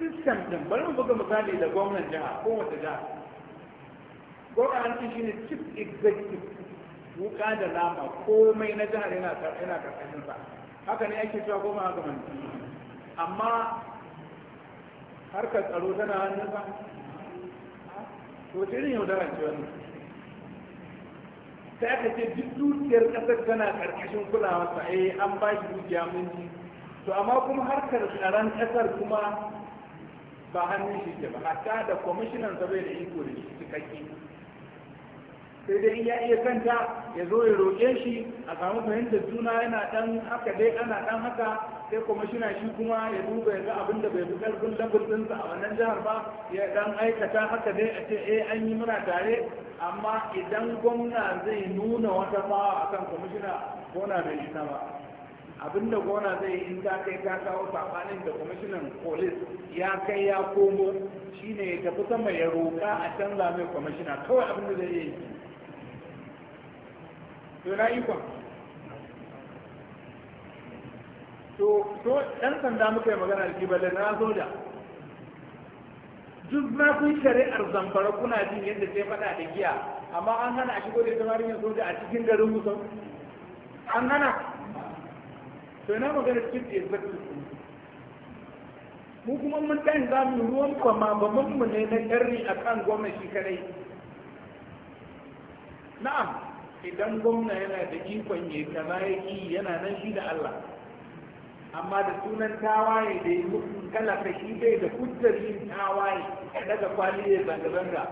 sistem din bari mu buga misali da gwamnan jiha kowace jiha gwamnan shi ne chief executive wuka da nama komai na jihar yana yana karkashin sa haka ne ake cewa goma haka man amma harkar tsaro tana hannun sa to ne yaudara ce wani sai aka ce duk dukiyar ƙasar tana karkashin kulawarsa eh an ba shi dukiya mun ji to amma kuma harkar tsaron ƙasar kuma ba hannun shi ke ba hatta da kwamishinan sa bai da iko da shi cikakke sai dai ya iya kanta ya zo ya roƙe shi a samu fahimtar juna yana ɗan haka dai ana ɗan haka sai kuma shina shi kuma ya duba ya ga abin da bai fi ƙarfin level ɗinsa a wannan jihar ba ya ɗan aikata haka dai a ce eh an yi muna tare amma idan gwamna zai nuna wata fawa akan kwamishina gona bai yi ba abinda gona zai yi in za kai ta kawo sabanin da kwamishinan polis ya kai ya komo shine ya tafi sama ya roka a canza mai kwamishina kawai abinda zai yi to na ikon to to ɗan sanda muka yi magana da balle na da. duk na kun shari'ar zamfara kuna jin yadda sai faɗa da giya amma an hana a shigo da ita marinyar soja a cikin garin musu. an hana to na magana cikin exactly mu kuma mun dan za mu ruwan kwama ba mun mu ne na sharri akan gwamnati kadai na'am idan gwamna yana da ikon ya kaza ya yi yana nan shi da Allah amma da sunan tawaye da yi mutum kala shi bai da hujjar yin tawaye daga kwali ya zanga-zanga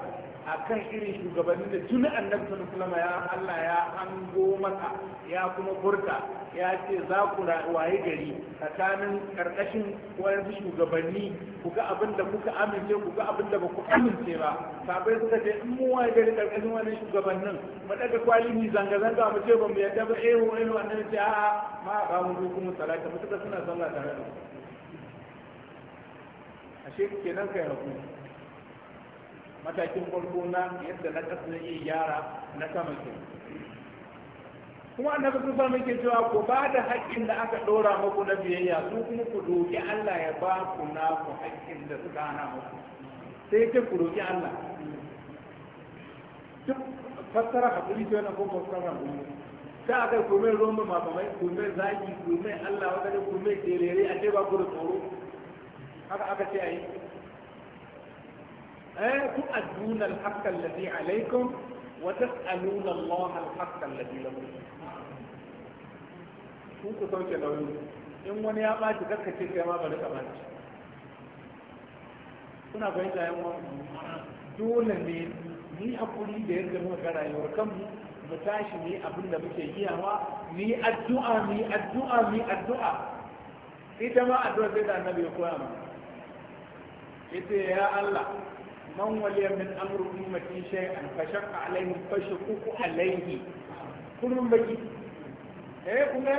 akan irin shugabannin da tuni annabi sallallahu ya Allah ya hango maka ya kuma furta ya ce za ku waye gari tsakanin karkashin wayansu shugabanni ku ga abin da kuka amince ku ga abin da ba ku amince ba sabai suka ce in mu waye gari karkashin wani shugabannin mu daga ni zanga zanga mu ce ba mu yadda ba eh wani wannan eh, ce a'a ma ba mu mu salata mu suka suna sallah tare da ashe kenan kai hakuri matakin farko na yadda na ƙasa na iya gyara na saman ke kuma annabi sun sami ke cewa ku ba da haƙƙin da aka ɗora muku na biyayya su kuma ku roƙi Allah ya ba ku na ku haƙƙin da suka hana muku sai ce ku roƙi Allah duk fassara hakuri ce wannan ko fassara hakuri ta aka ba romba ku mai zaki mai Allah ku mai terere a ce ba ku da tsoro haka aka ce a yi تؤدون الحق الذي عليكم وتسألون الله الحق الذي لكم Kun ku sauke nauyi in wani ya ɓaci kakka ce kai ma bari ka ɓaci kuna fahimta yan uwa dole ne ni hakuri da yadda muka ga rayuwar kanmu mu tashi ni abin da muke giyawa ni addu'a ni addu'a ni addu'a ita ma addu'a sai da annabi ya koya mu ita ya Allah man waliya min amru ummati shay'an fa shaqqa alaihim fa shaququ alaihi kullum baki eh kuma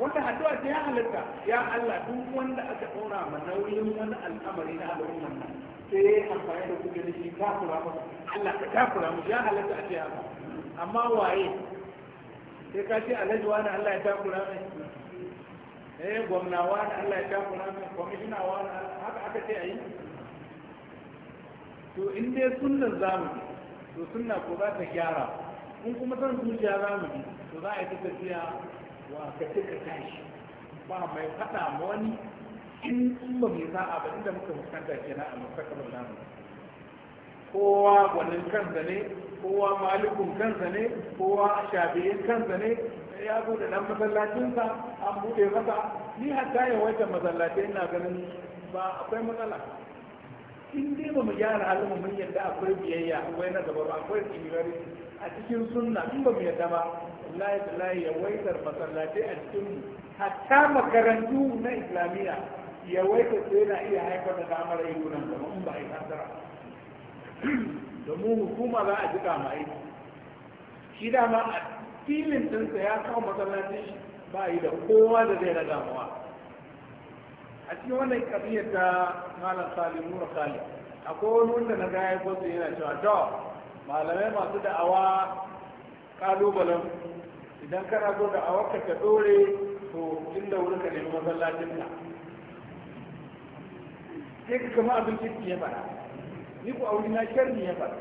wanda addu'a ce ya halatta ya Allah duk wanda aka ɗora ma nauyin wani al'amari na al'umman nan sai ya yi amfani da kuɗi da shi kafura masa Allah ka kura mu ya halatta a ce haka amma waye sai ka ce alhaji wani Allah ya ta takura mai eh gwamna wani Allah ya ta takura mai kwamishina wani haka aka ce a yi to in dai sunnan zamu to sunna ko za ta gyara in kuma san zuciya zamu bi to za a yi ta tafiya wa ka ce ka tashi ba mai haɗa ma wani in ba mai sa'a ba inda muka fuskanta kenan a mustaqbal namu kowa gwanin kansa ne kowa malikun kansa ne kowa shafi'in kansa ne ya bude dan masallacinsa an buɗe masa ni hatta ya masallacin na ganin ba akwai matsala in dai ba mu gyara halin mun yadda akwai biyayya akwai na gaba akwai tsimiri a cikin sunna in ba mu yadda ba wallahi wallahi ya waitar masallaci a cikin mu hatta makarantu na islamiyya ya waitar sai na iya haifar da damar yi nan gaba in ba a yi hasara domin hukuma za a jika ma aiki shi dama a filin ɗinsa ya kawo masallaci, ba yi da kowa da zai na damuwa. a cikin wannan kabiyar ta malam Salimu nura salim akwai wani wanda na gaya ko su yana cewa to malamai masu da'awa kalubalen idan kana so awa ka ta dore to inda wuri ka nemi masallacin ka sai ka kama abin kirki ya fara ni ku auri na sharri ya fara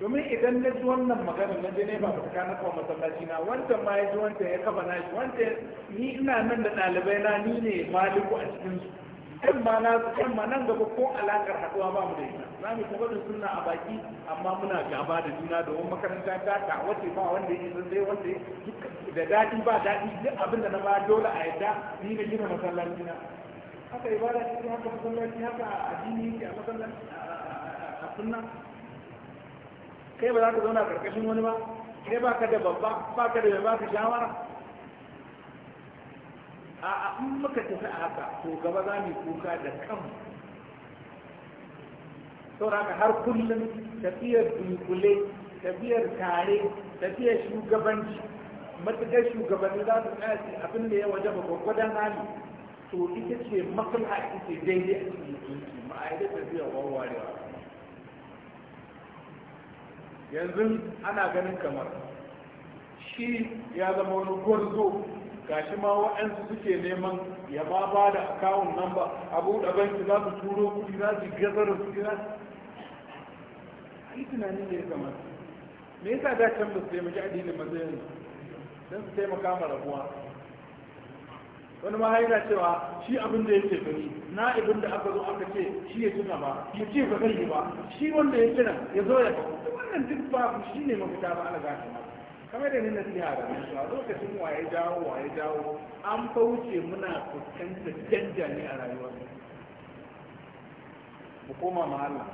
domin idan na ji wannan magana na je ne ba ba na kawo masallaci na wancan ma ya ji wancan ya kafa na shi wancan ni ina nan da ɗalibai na ni ne maliku a cikin su kan ma na kan ma nan gaba ko alakar haɗuwa ba mu da ita za mu kuma da suna a baki amma muna gaba da juna domin makaranta ta ta wace ba wanda ya san dai wanda da daɗi ba daɗi duk abin da na ba dole a yadda ni na gina masallaci na haka ibada cikin haka masallaci haka addini yake a masallaci a sunna kai ba za ka zauna karkashin wani ba kai ba ka da babba ba ka da ba ka shawara a an muka tafi a haka to gaba za mu kuka da kanmu sauraka har kullum tafiyar dunkule tafiyar tare tafiyar shugabanci matuƙar shugabanni za su tsaya su abin da ya waje ba gwaggwadon hali to ita ce maslaha ita daidai a cikin ma'aikata ma'aikatar tafiyar wawarewa yanzu ana ganin kamar shi ya zama wani gwarzo gashi ma wa'ansu suke neman ya ba ba da akawun nan ba abu da banki za su turo kuɗi za su gazara su za su tunanin da ya zama me yasa da can ba su taimaki addinin mazayin don su taimaka ma rabuwa wani ma yana cewa shi abin da yake gani na ibin da aka zo aka ce shi ya tuna ba ya ce ba zai yi ba shi wanda ya tuna ya zo ya wannan duk ku shi ne mafita ba ala gashi ma kamar da ni na siya da A lokacin waye dawo waye dawo an fauce muna fuskantar canja ne a rayuwar mu koma ma Allah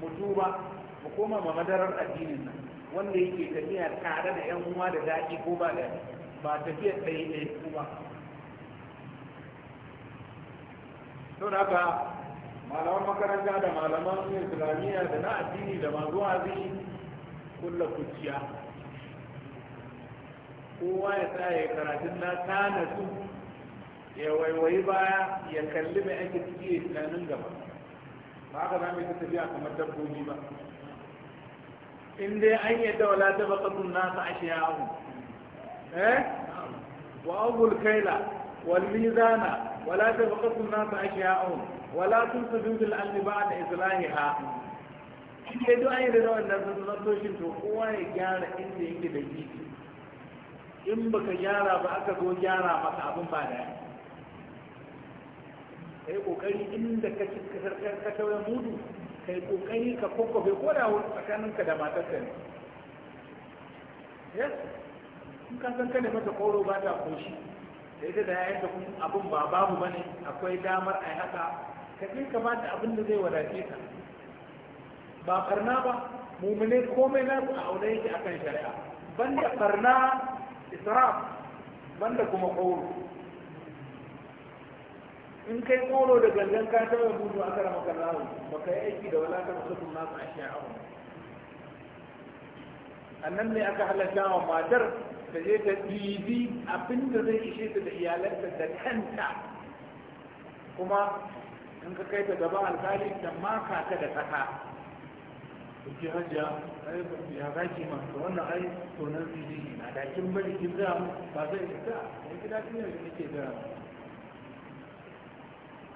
mu duba mu koma ma madarar addinin nan wanda yake tafiya tare da yan uwa da daɗi ko ba da ba tafiya tsaye ɗaya ko ba Don haka malaman makaranta da malaman islamiyya da na addini da masu wazi kulla kuciya kowa ya tsaye karatun na tana su ya waiwayi baya ya kalli mai ake ciki ya tunanin gaba ba haka za mu yi tafiya kamar dabbobi ba in dai an yadda wala ta baka nasa a shi yawon eh wa kaila wal mizana ولا تبقوا الناس أشياءهم ولا تنفذوا في الأرض بعد إصلاحها ke duk an yi da wannan sun nasoshin to kowa ya gyara inda yake da jiki in baka gyara ba aka zo gyara maka abin ba da kai kokari inda ka ci ka tauye mudu kai kokari ka kokofe ko da wani tsakaninka da matarka ne yes in ka san kada mata koro ba ta koshi da ita da yayin da kun abin ba babu bane akwai damar a haka ka kai kamata abin da zai wadace ka ba farna ba mumune komai na a aure yake akan shari'a banda farna israf banda kuma kauro in kai kauro da gangan ka taɓa gudu a kara maka lawo ba ka yi aiki da wala kan sukun nasu a shi'a annan ne aka halatta wa matar ta je ta ɗibi abin da zai ishe ta da iyalanta da kanta kuma in ka kai ta gaban alkali ta maka ta da kasa kuke hajiya ai ya zaki ma to wannan ai to nan zai na dakin bari kin za mu ba zai fita ne gida kin yanzu nake da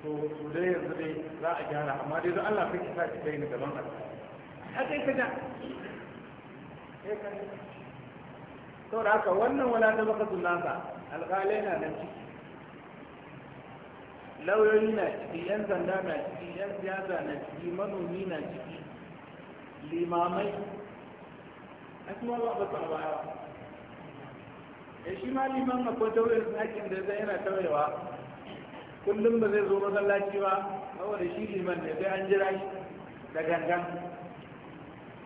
to to dai yanzu dai za a gyara amma dai don Allah kake sa ki kai ni gaban alkali haka eh, ka da kai ka Sau da haka wannan wala ta baka nasa alƙalai na nan ciki lauyoyi na ciki yan sanda na ciki yan siyasa na ciki manomi na ciki limamai a kuma ba ba sa baya ya eh, shi ma liman akwai taurin hakin da zai yana tawayewa? kullum ba zai zo masallaci ba saboda shi liman ne sai an jira shi da gangan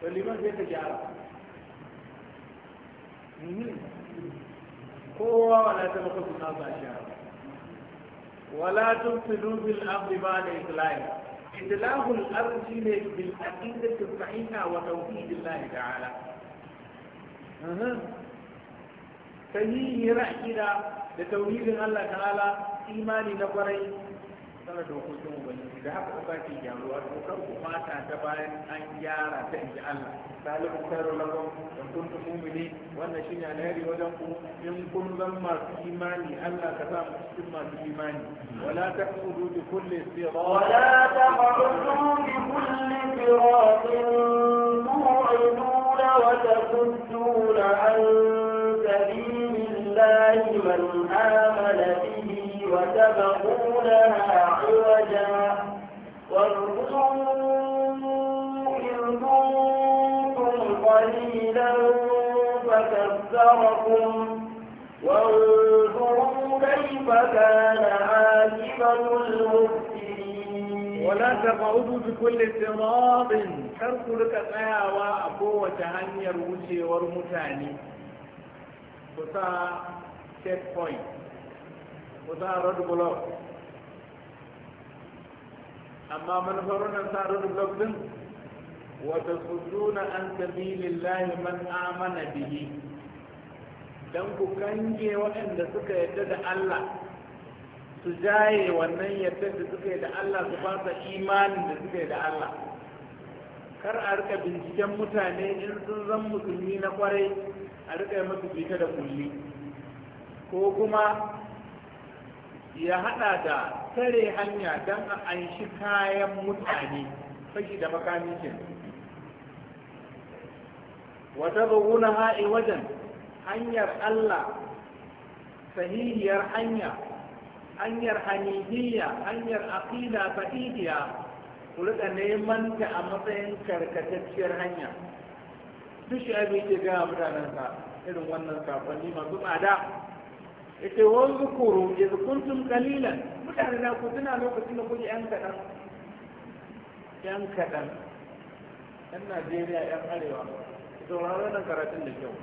to liman zai ta gyara kowa wala ta maka kuna ba shi wala tufsidu fil ardi ba'da islahiha idlahul ardi ne bil aqidati sahiha wa tawhidillahi ta'ala sahihi ra'ida da tauhidin Allah ta'ala imani na kwarai sanar da hukuncin ubangiji da haka uba ke gyaruwa to kan ku fata ta bayan an gyara ta inji Allah salihu khairu lakum in kuntum mu'minin wannan shine alheri wajen ku in kun zan masu imani Allah ka sa mu cikin masu imani wala taqudu bi kulli sirat wala taqudu bi kulli sirat tu'minuna wa tasudduna an sabilillahi man amana bihi وتبغونها عوجا وارجعوا إن قليلا فكثركم وانظروا كيف كان عاقبة المفسدين ولا تقعدوا بكل صراط kar لك rika tsayawa وتهني kowace hanyar wucewar mutane بوينت ko za rodu road amma manufar wannan sa road block din وتصدون عن سبيل الله man Amana bihi dan ku kange waɗanda suka yadda da Allah su jaye wannan yadda da suka yi da Allah su fasa imanin da suka yi da Allah kar a rika binciken mutane in sun zan musulmi na kwarai a rika yi musu bita da kulli ko kuma ya hada da tare hanya don a anshi kayan mutane fashi da makami wata buguna ha'i wajen hanyar Allah sahihiyar hanya hanyar hanihiyya hanyar aqida sahihiya ku rika neman ta a matsayin karkatacciyar hanya duk shi abin ke ga mutanen irin wannan sakonni masu tsada yace wa zukuru iz kuntum kalila mutane na ku tuna lokacin da kuke yan kadan yan kadan yan Najeriya yan arewa sauraro nan karatun da kyau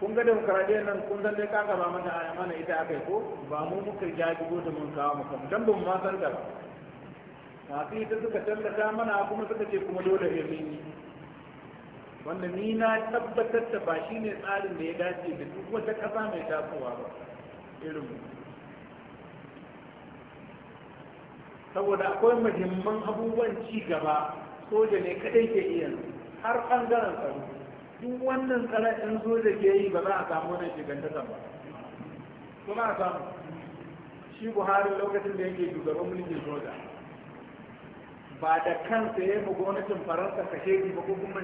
kun ga demokaradiyyar nan kun san dai kaka ba mata aya mana ita aka yi ko ba mu muka jajibo da mun kawo muka dan ba mu ma san da ba masu ita suka tallata mana kuma suka ce kuma dole ne yi wanda ni na tabbatar da ba shi ne tsarin da ya dace da duk wata ƙasa mai tasowa ba irin saboda akwai muhimman abubuwan ci gaba soja ne kadai ke iya har ɓangaren tsaro duk wannan tsara in soja ke yi ba za a samu wannan shigantaka ba kuma a samu shi buhari lokacin da yake shugaban mulkin soja ba da kansa ya yi gwamnatin faransa kashe ba ko kuma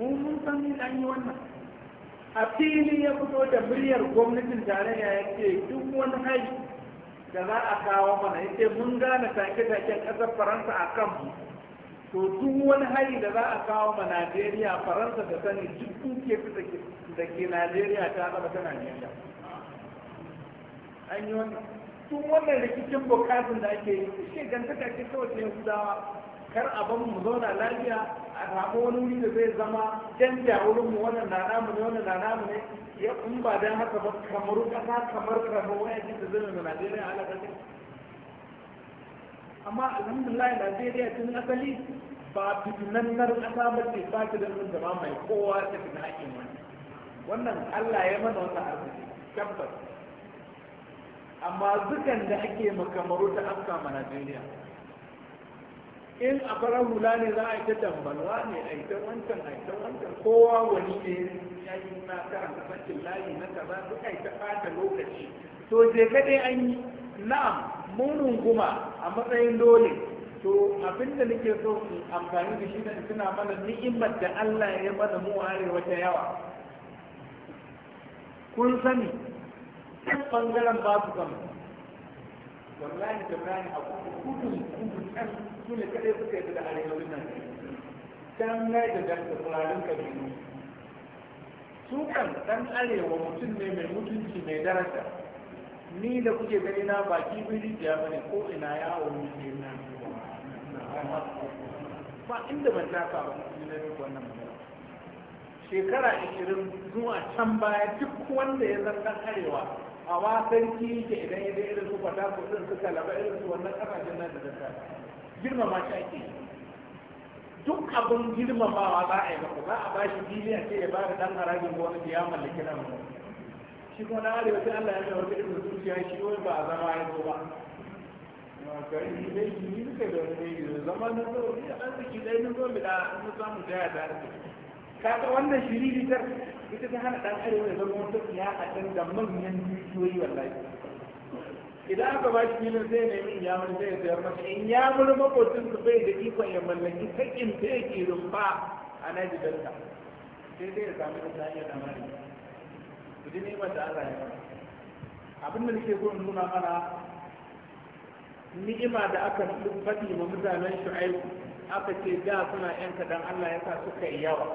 mu mun san min an yi wannan a fili ya fito da muryar gwamnatin tarayya ya ce duk wani hari da za a kawo mana ya ce mun gane take-taken ƙasar faransa a kanmu to duk wani hari da za a kawo ma najeriya faransa da sani duk duke da ke najeriya ta zama ta najeriya an yi wannan tun wannan rikicin bukatun da ake yi shi gantaka ke kawai ta gudawa. kar a ban mu zauna lafiya a samu wani wuri da zai zama canja wurin mu wannan na namu ne wannan na namu ne ya kun ba dan haka ba kamar kasa kamar kamar waya ce da zai mu Najeriya ala kace amma alhamdulillah Najeriya tun asali ba fitinannar kasa ba ce ba ta da mun zama mai kowa ta fina hakkin wannan wannan Allah ya mana wannan arziki tabbas amma dukan da ake makamaru ta afka ma Najeriya in a farar hula ne za a yi ta dambalwa ne a yi ta wancan a yi ta wancan kowa wani ne ya yi na karanta sakin layi na kaza duk a yi ta fata lokaci to je kaɗai an yi na'am munin guma a matsayin dole to abin da nake so in amfani da shi na tuna mana ni'imar da Allah ya mana mu ware wata yawa kun sani duk bangaren su gama wallahi da a kudu kudu kudu su ne kadai suka yi da arewacin nan can na da da turarin kabilu su kan ɗan arewa mutum ne mai mutunci mai daraja ni da kuke gani na baki biri da bane ko ina yawo ne na ba inda ban taka ba mutum ne wannan magana shekara 20 zuwa can baya duk wanda ya zarta arewa a wasan wasarki ke idan ya da irin su fata sun suka laba irin su wannan kasashen nan da zarta girmama shi ake duk abin girmamawa za a yi maka za a ba shi a ce ya ba da dan harajin ko wani ya mallaki nan shi kuma na arewa sai Allah ya zama wata irin zuciya shi wai ba a zama ya zo ba gari dai ne suka da wani ne zama na zo ni a ɗan suke ɗaya na zo mu da mu samu da ya da kaga wannan shiriritar ita ta hana dan arewa ya zama wata ya a da manyan dukiyoyi wallahi idan aka ba shi filin sai ne min ya mun sai sayar masa in ya mun makotin su bai da ikon ya mallaki sakin ta yake rumfa a naji dalta sai dai ya samu da ta hanyar zama da ku ji neman da Allah ya ba abin da nake so nuna mana ni'ima da aka faɗi ma mutanen shu'aibu aka ce da suna yan kaɗan Allah ya sa suka yi yawa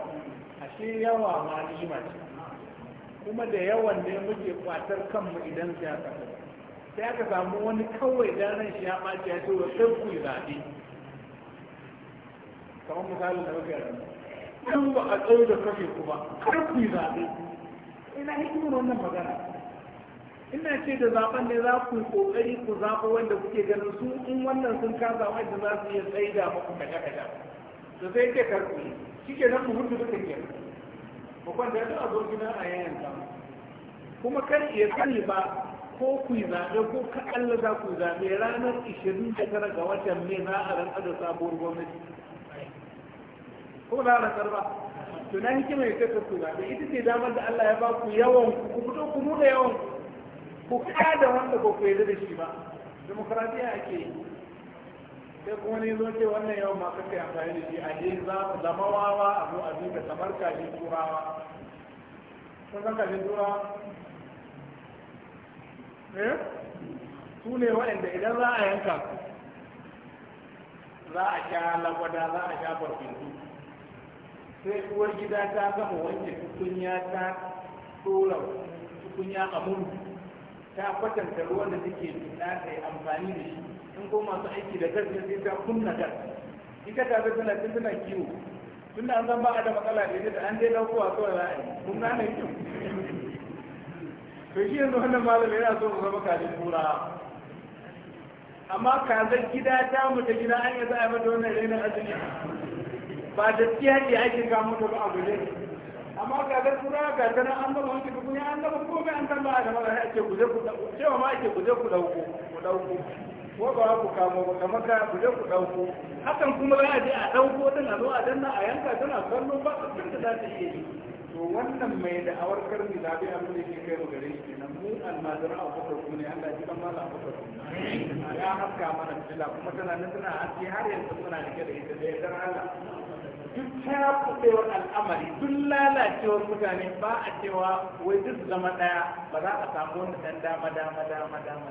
ashe yawa ma ni'ima ce kuma da yawan ne muke kwatar kanmu idan ya ta sai aka samu wani kawai daren shi ya ɓaci ya ce wa sai ku zaɓe kamar misali da muka yi kan ba a tsaye da kafe ku ba ku yi zaɓe ina hikimar wannan magana ina ce da zaɓen ne za ku yi ku zaɓa wanda kuke ganin su in wannan sun kasa wanda za su iya tsaye da maku kaca-kaca. da sai ke karfi shi ke nan kuma hutu duka ke mu kwanta zo abokin a yayin kuma kan iya sani ba ko ku yi zaɓe ko ka ƙalla za ku zaɓe ranar 29 ga watan mai za a ranar da sabuwar gwamnati ko za a rantsar ba to na hikima ya kasa ku zaɓe ita ce damar da Allah ya ba ku yawan ku fito ku nuna yawan ku kada wanda ba ku yarda da shi ba demokaratiya ake yi sai kuma ne zo ce wannan yawan ma kake amfani da shi a je zama wawa a zo a duka kamar kajin turawa kun san kajin turawa Eh? su ne waɗanda idan za a yanka za a sha lagwada za a sha su sai uwar gida ta gama wanke tukunya ta tura tukunya a murhu ta kwatanta ruwan da take da ta yi amfani da shi in ko masu aiki da gas sai ta kunna gas ita ta zai tana tana kiwo tunda an zan ba a da matsala da ita da an dai dauko a za a kun gane kyau to shi yanzu wannan malam yana so mu zama kajin kura amma kazan gida ta mu ta gida an yi za a mata wannan rainin azumi ba da tsiyaci ake kamo ta ba a guje amma kazan tura tana an zama wanke da kuma an zama komai an gama a gama a ce guje ku dauko cewa ma ake guje ku dauko ku dauko ko ba ku kamo ba kamar ka guje ku dauko hakan kuma za a je a dauko din a zo a danna a yanka tana kallo ba a abin da za ta iya yi to wannan mai da awar karni da bi abin da ke kai mu gare shi nan mu almajiran abubakar kuma ne Allah ji kan mala abubakar kuma ya haska mana fitila kuma tana nan tana haske har yanzu muna rike da ita da yardar Allah duk cakuɗewar al'amari duk lalacewar mutane ba a cewa wai duk zama ɗaya ba za a samu wani ɗan dama dama dama dama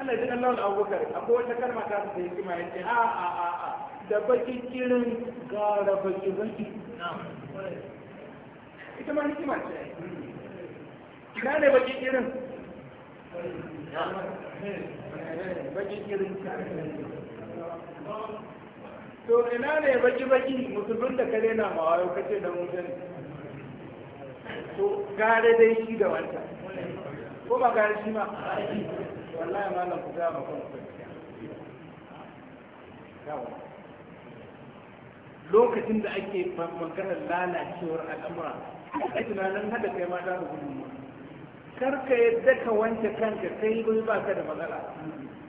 Allah ji kan lawan abubakar akwai wata kalma ta su da hikima ya ce a a a da baki kirin gara baki baki ita ma hikima ce ina ne baki irin baki irin to ina ne baki baki musulmin da kare na mawayo kace da mutum to gare dai shi da wanta ko ba gare shi ma wallahi malam ku ga ba ku lokacin da ake maganar lalacewar al'amura a tunanin hada kai ma za mu gudu kar ka yadda ka wanke kanka kai bai ba ka da matsala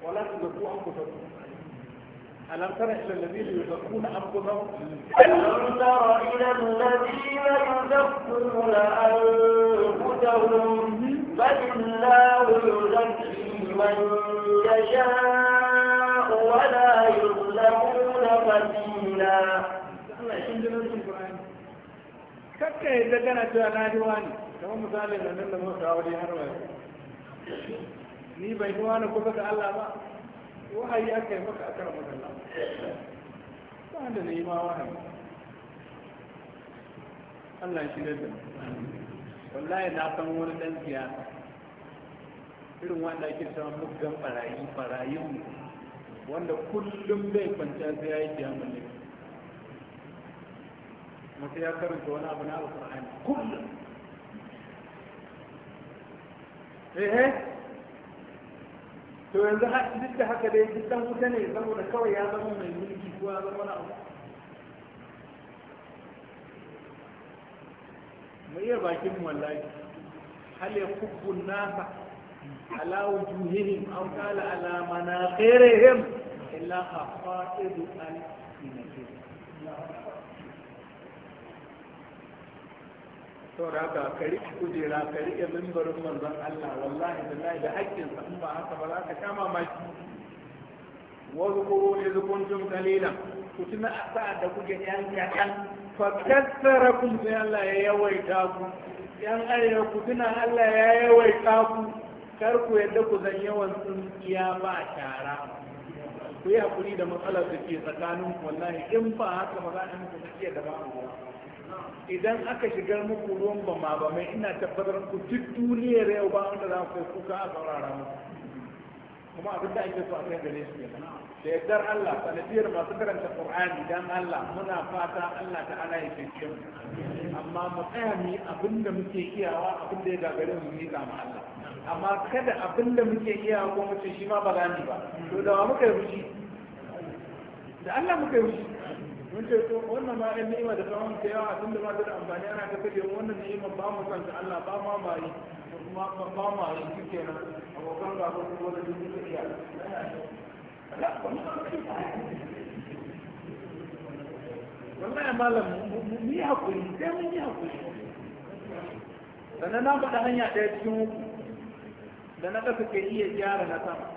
wala su zaku an kusa ألم تر إلى الذين يزكون أنفسهم ألم تر إلى الذين يزكون أنفسهم بل الله يزكي من يشاء ولا يظلمون فتيلا kakka yadda kana cewa na ji wani kamar misali da nan da mota wani har wa ni bai ji wani kuma ga Allah ba wahayi aka yi maka a karan magana ba da na yi ma wahayi Allah shi da wallahi na san wani dan siyasa irin wanda ake cewa muggan barayi barayin wanda kullum bai kwanta sai ya yi kiyamun ne. mutum ya karanta wani abu na alƙur'ani kullum ehe to yanzu duk da haka dai duk dan wuta ne saboda kawai ya zama mai mulki ko ya zama na abu mu iya bakin wallahi hal ya kubbu nasa ala wujuhihim aw qala ala manaqirihim illa khafa'id al-sinatihim saboda haka kari riƙe kujera ka riƙe mimbarin manzon Allah wallahi billahi da hakkin sa in ba haka ba za ka sha mamaki wa zukuru iz kuntum qalilan ku tuna sa'ad da kuke yan yakan fa kassarakum sai Allah ya yawaita ku yan arewa ku tuna Allah ya yawaita ku kar ku yadda ku zan yawan iya ba shara ku yi hakuri da matsalar da ke tsakanin wallahi in ba haka ba za a yi da ba mu idan aka shigar muku ruwan ba ma ba mai ina tabbatar ku duk duniyar yau ba wanda za ku kuka a saurara muku kuma abin da ake so a kai gare shi kenan da yardar Allah sanadiyar masu karanta Qur'ani dan Allah muna fata Allah ta'ala ya cece mu amma mu tsaya mu abin da muke kiyawa, abin da ya gagare mu ni mu Allah amma kada abin da muke kiyawa, ko mu ce shi ma ba za mu ba to da wa muka yi fushi da Allah muka yi fushi mun ce to wannan ma ɗan ni'ima da samun ta yawa tun da ma ta da amfani ana ta kaje wannan ni'ima ba mu san ta Allah ba ma ma yi ba ma yi shi nan abokan ba ko kuma da duk da iya ya malam mu yi hakuri sai mun yi hakuri sannan na faɗa hanya ɗaya cikin da na ƙasa ke iya gyara na sama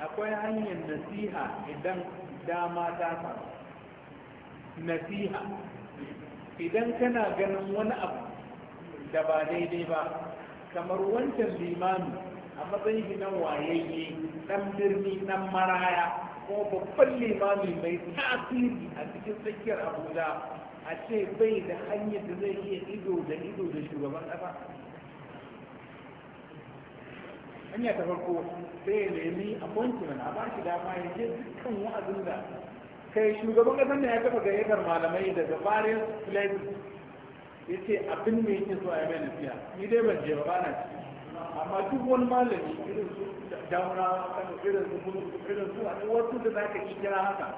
akwai hanyar nasiha idan dama ta samu nasiha idan kana ganin wani abu da ba daidai ba kamar wancan limami a matsayin gidan nan wayayye dan birni dan maraya ko babban limami mai tasiri a cikin tsakiyar abuja a ce bai da hanyar da zai iya ido da ido da shugaban ƙasa hanya ta farko sai ya nemi a kwanci a ba shi dama ya je dukkan wa'azin da kai shugaban kasar da ya kafa gayyatar malamai daga gabarin places ya ce abin da yake so a yi mai ni dai ban je ba ba na ci amma duk wani malami irin su dauna irin su irin su a wasu da za ka kira haka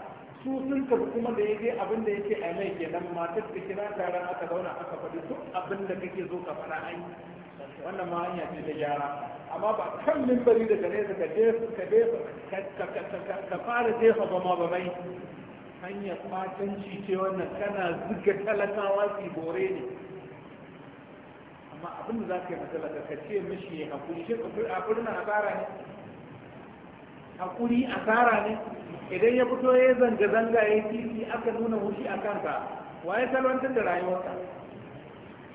su sun tafi kuma da ya je abin da ya ce a mai kenan matar da kira taron aka zauna aka faɗi duk abin da kake zo ka faɗa an wannan ma hanya ce ta gyara amma ba kan mimbari daga nesa ka jefa ka fara jefa ba ma ba mai hanyar fatanci ce wannan kana zuga talakawa su bore ne amma abin da za ka yi matalaka ka ce mishi ya hakuri shi hakuri na asara ne hakuri asara ne idan ya fito ya zanga-zanga ya titi aka nuna wushi a kanka waye salwantar da rayuwarka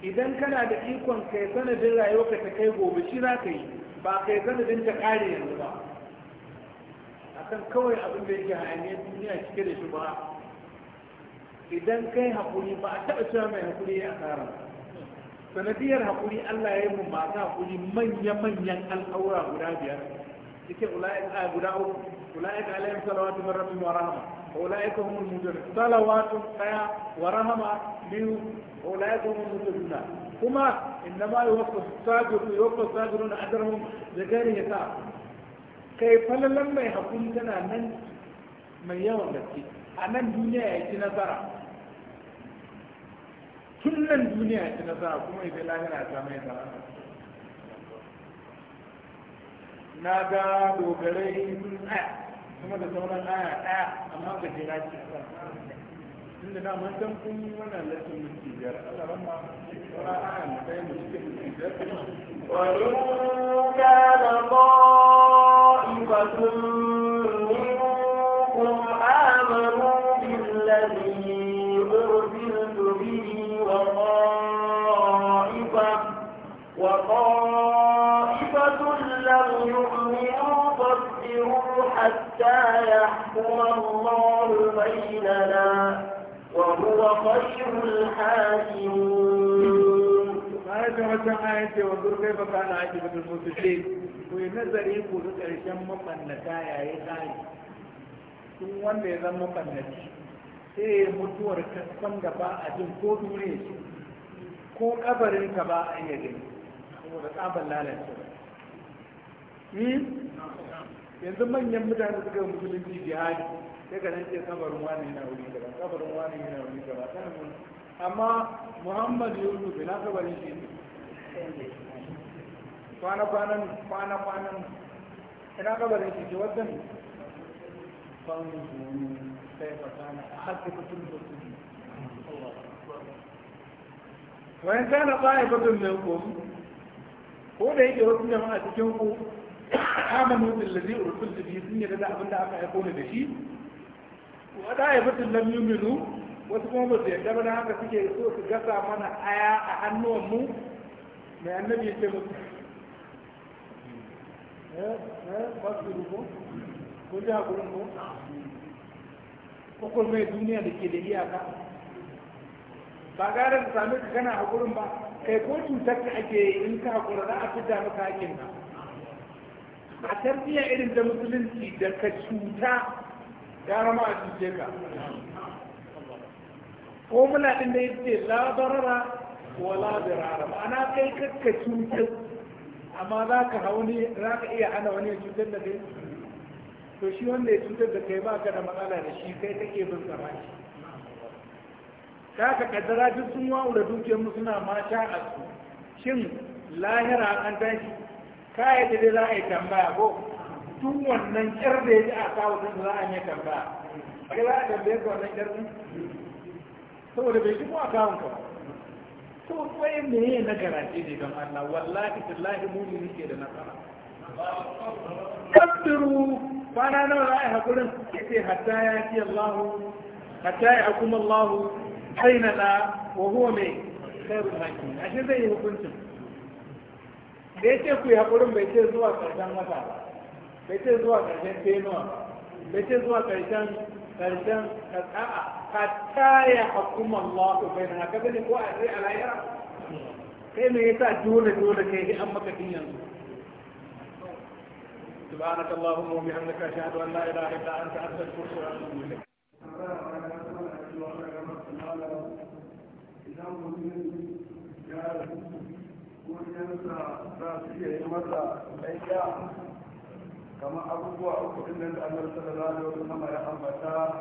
idan kana da ikon kai sanadin rayuwarka ta kai gobe shi za ka yi ba kai sanadin ta kare yanzu ba kan kawai abin da yake hayaniyar duniya cike da shi ba idan kai haƙuri ba a taɓa cewa mai haƙuri ya asara sanadiyar haƙuri Allah ya yi mu masu haƙuri manya-manyan al'aura guda biyar cikin ula'ika guda uku ula'ika alayhim salawatu min rabbihim wa rahma ula'ika humul muhtadun salawatu daya wa rahma biyu ula'ika humul muhtadun kuma innama yuwaffa as-sabiruna ajrahum bighayri hisab kai falalan mai hakuri tana nan mai yawan gaske a nan duniya ya ci nasara tun nan duniya ya ci nasara kuma ita lahira ya na ga dogarai sun aya kuma da sauran aya ɗaya amma ga jira ce inda na man kun yi wannan lantin minti biyar Allah ran ma sauran aya na ɗaya mu cikin minti biyar. Wa in أمة منكم آمنوا بالذي أرسلت به وطائفة وطائفة لم يؤمنوا فاصبروا حتى يحكم الله بيننا وهو خير الحاكمون ما يتوجه آية وانظر كيف كان عاقبة المفسدين ku yi nazari ku ga ƙarshen mabannata yayi tsari tun wanda ya zama mabannaci sai ya mutuwar kaskon da ba a jin ko dure shi ko ka ba a iya jin saboda tsabar ba, hmm? yanzu manyan mutane suka musulunci jihadi ya ka nan ce kabarin wani yana wuri gaba kabarin wani yana wuri gaba amma muhammad yusuf na kabarin shi ne kwana-kwanan kwana-kwanan ina kabarin shi ke wadda ne fannin zuwa sai fasana a haske fitin da su wani kana tsaye fitin mai komi ko da yake wasu jama'a cikin ku amanu billazi ursul da biyu sun yi da abin da aka aiko ne da shi wa da ya fitin lam yuminu wasu kuma ba su yarda ba da haka suke so su gasa mana aya a hannuwanmu mai annabi ya ce musu ba su rubo mai duniya da ke da iyaka ba gara da sami ka gana haƙurin ba kai ko cutar ka ake yi in ka haƙura za a fita maka haƙin ba a tarbiyya irin da musulunci da ka cuta ya rama a cuce ka ko ɗin da ya ce la barara wala dirara ma'ana kai kakka cutar amma za ka hauni za ka iya hana wani ya cutar da kai to shi wanda ya cutar da kai ba ka da matsala da shi kai take bin sa bashi ka kaddara duk sun da dukiyar mu ma sha a su shin lahira an tashi ka yi da za a yi tambaya ko tun wannan kyar da ya ji a kawo sun za a yi tambaya ba ga za a tambaya ga wannan kyar saboda bai shigo a kawon ka ba to me ne na garaje ne don Allah wallahi billahi muni nake da nasara kafiru bana nawa za a yi hakurin yace hatta ya ci Allah hatta ya hukuma Allah aina da wa huwa me khairul hakim ashe zai yi hukuncin da yace ku yi hakurin bai ce zuwa bai ce zuwa فالإنسان قد حتى يحكم الله بيننا كيف نقوى الرئة لا يرى كيف يتعد دون دور كيف أمك في سبحانك اللهم وبحمدك أشهد أن لا إله إلا أنت أنت الفرس ورحمة الله وبركاته kamar abubuwa uku din nan da annabi sallallahu alaihi wasallam ya ambata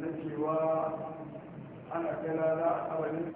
na cewa ana kai rana a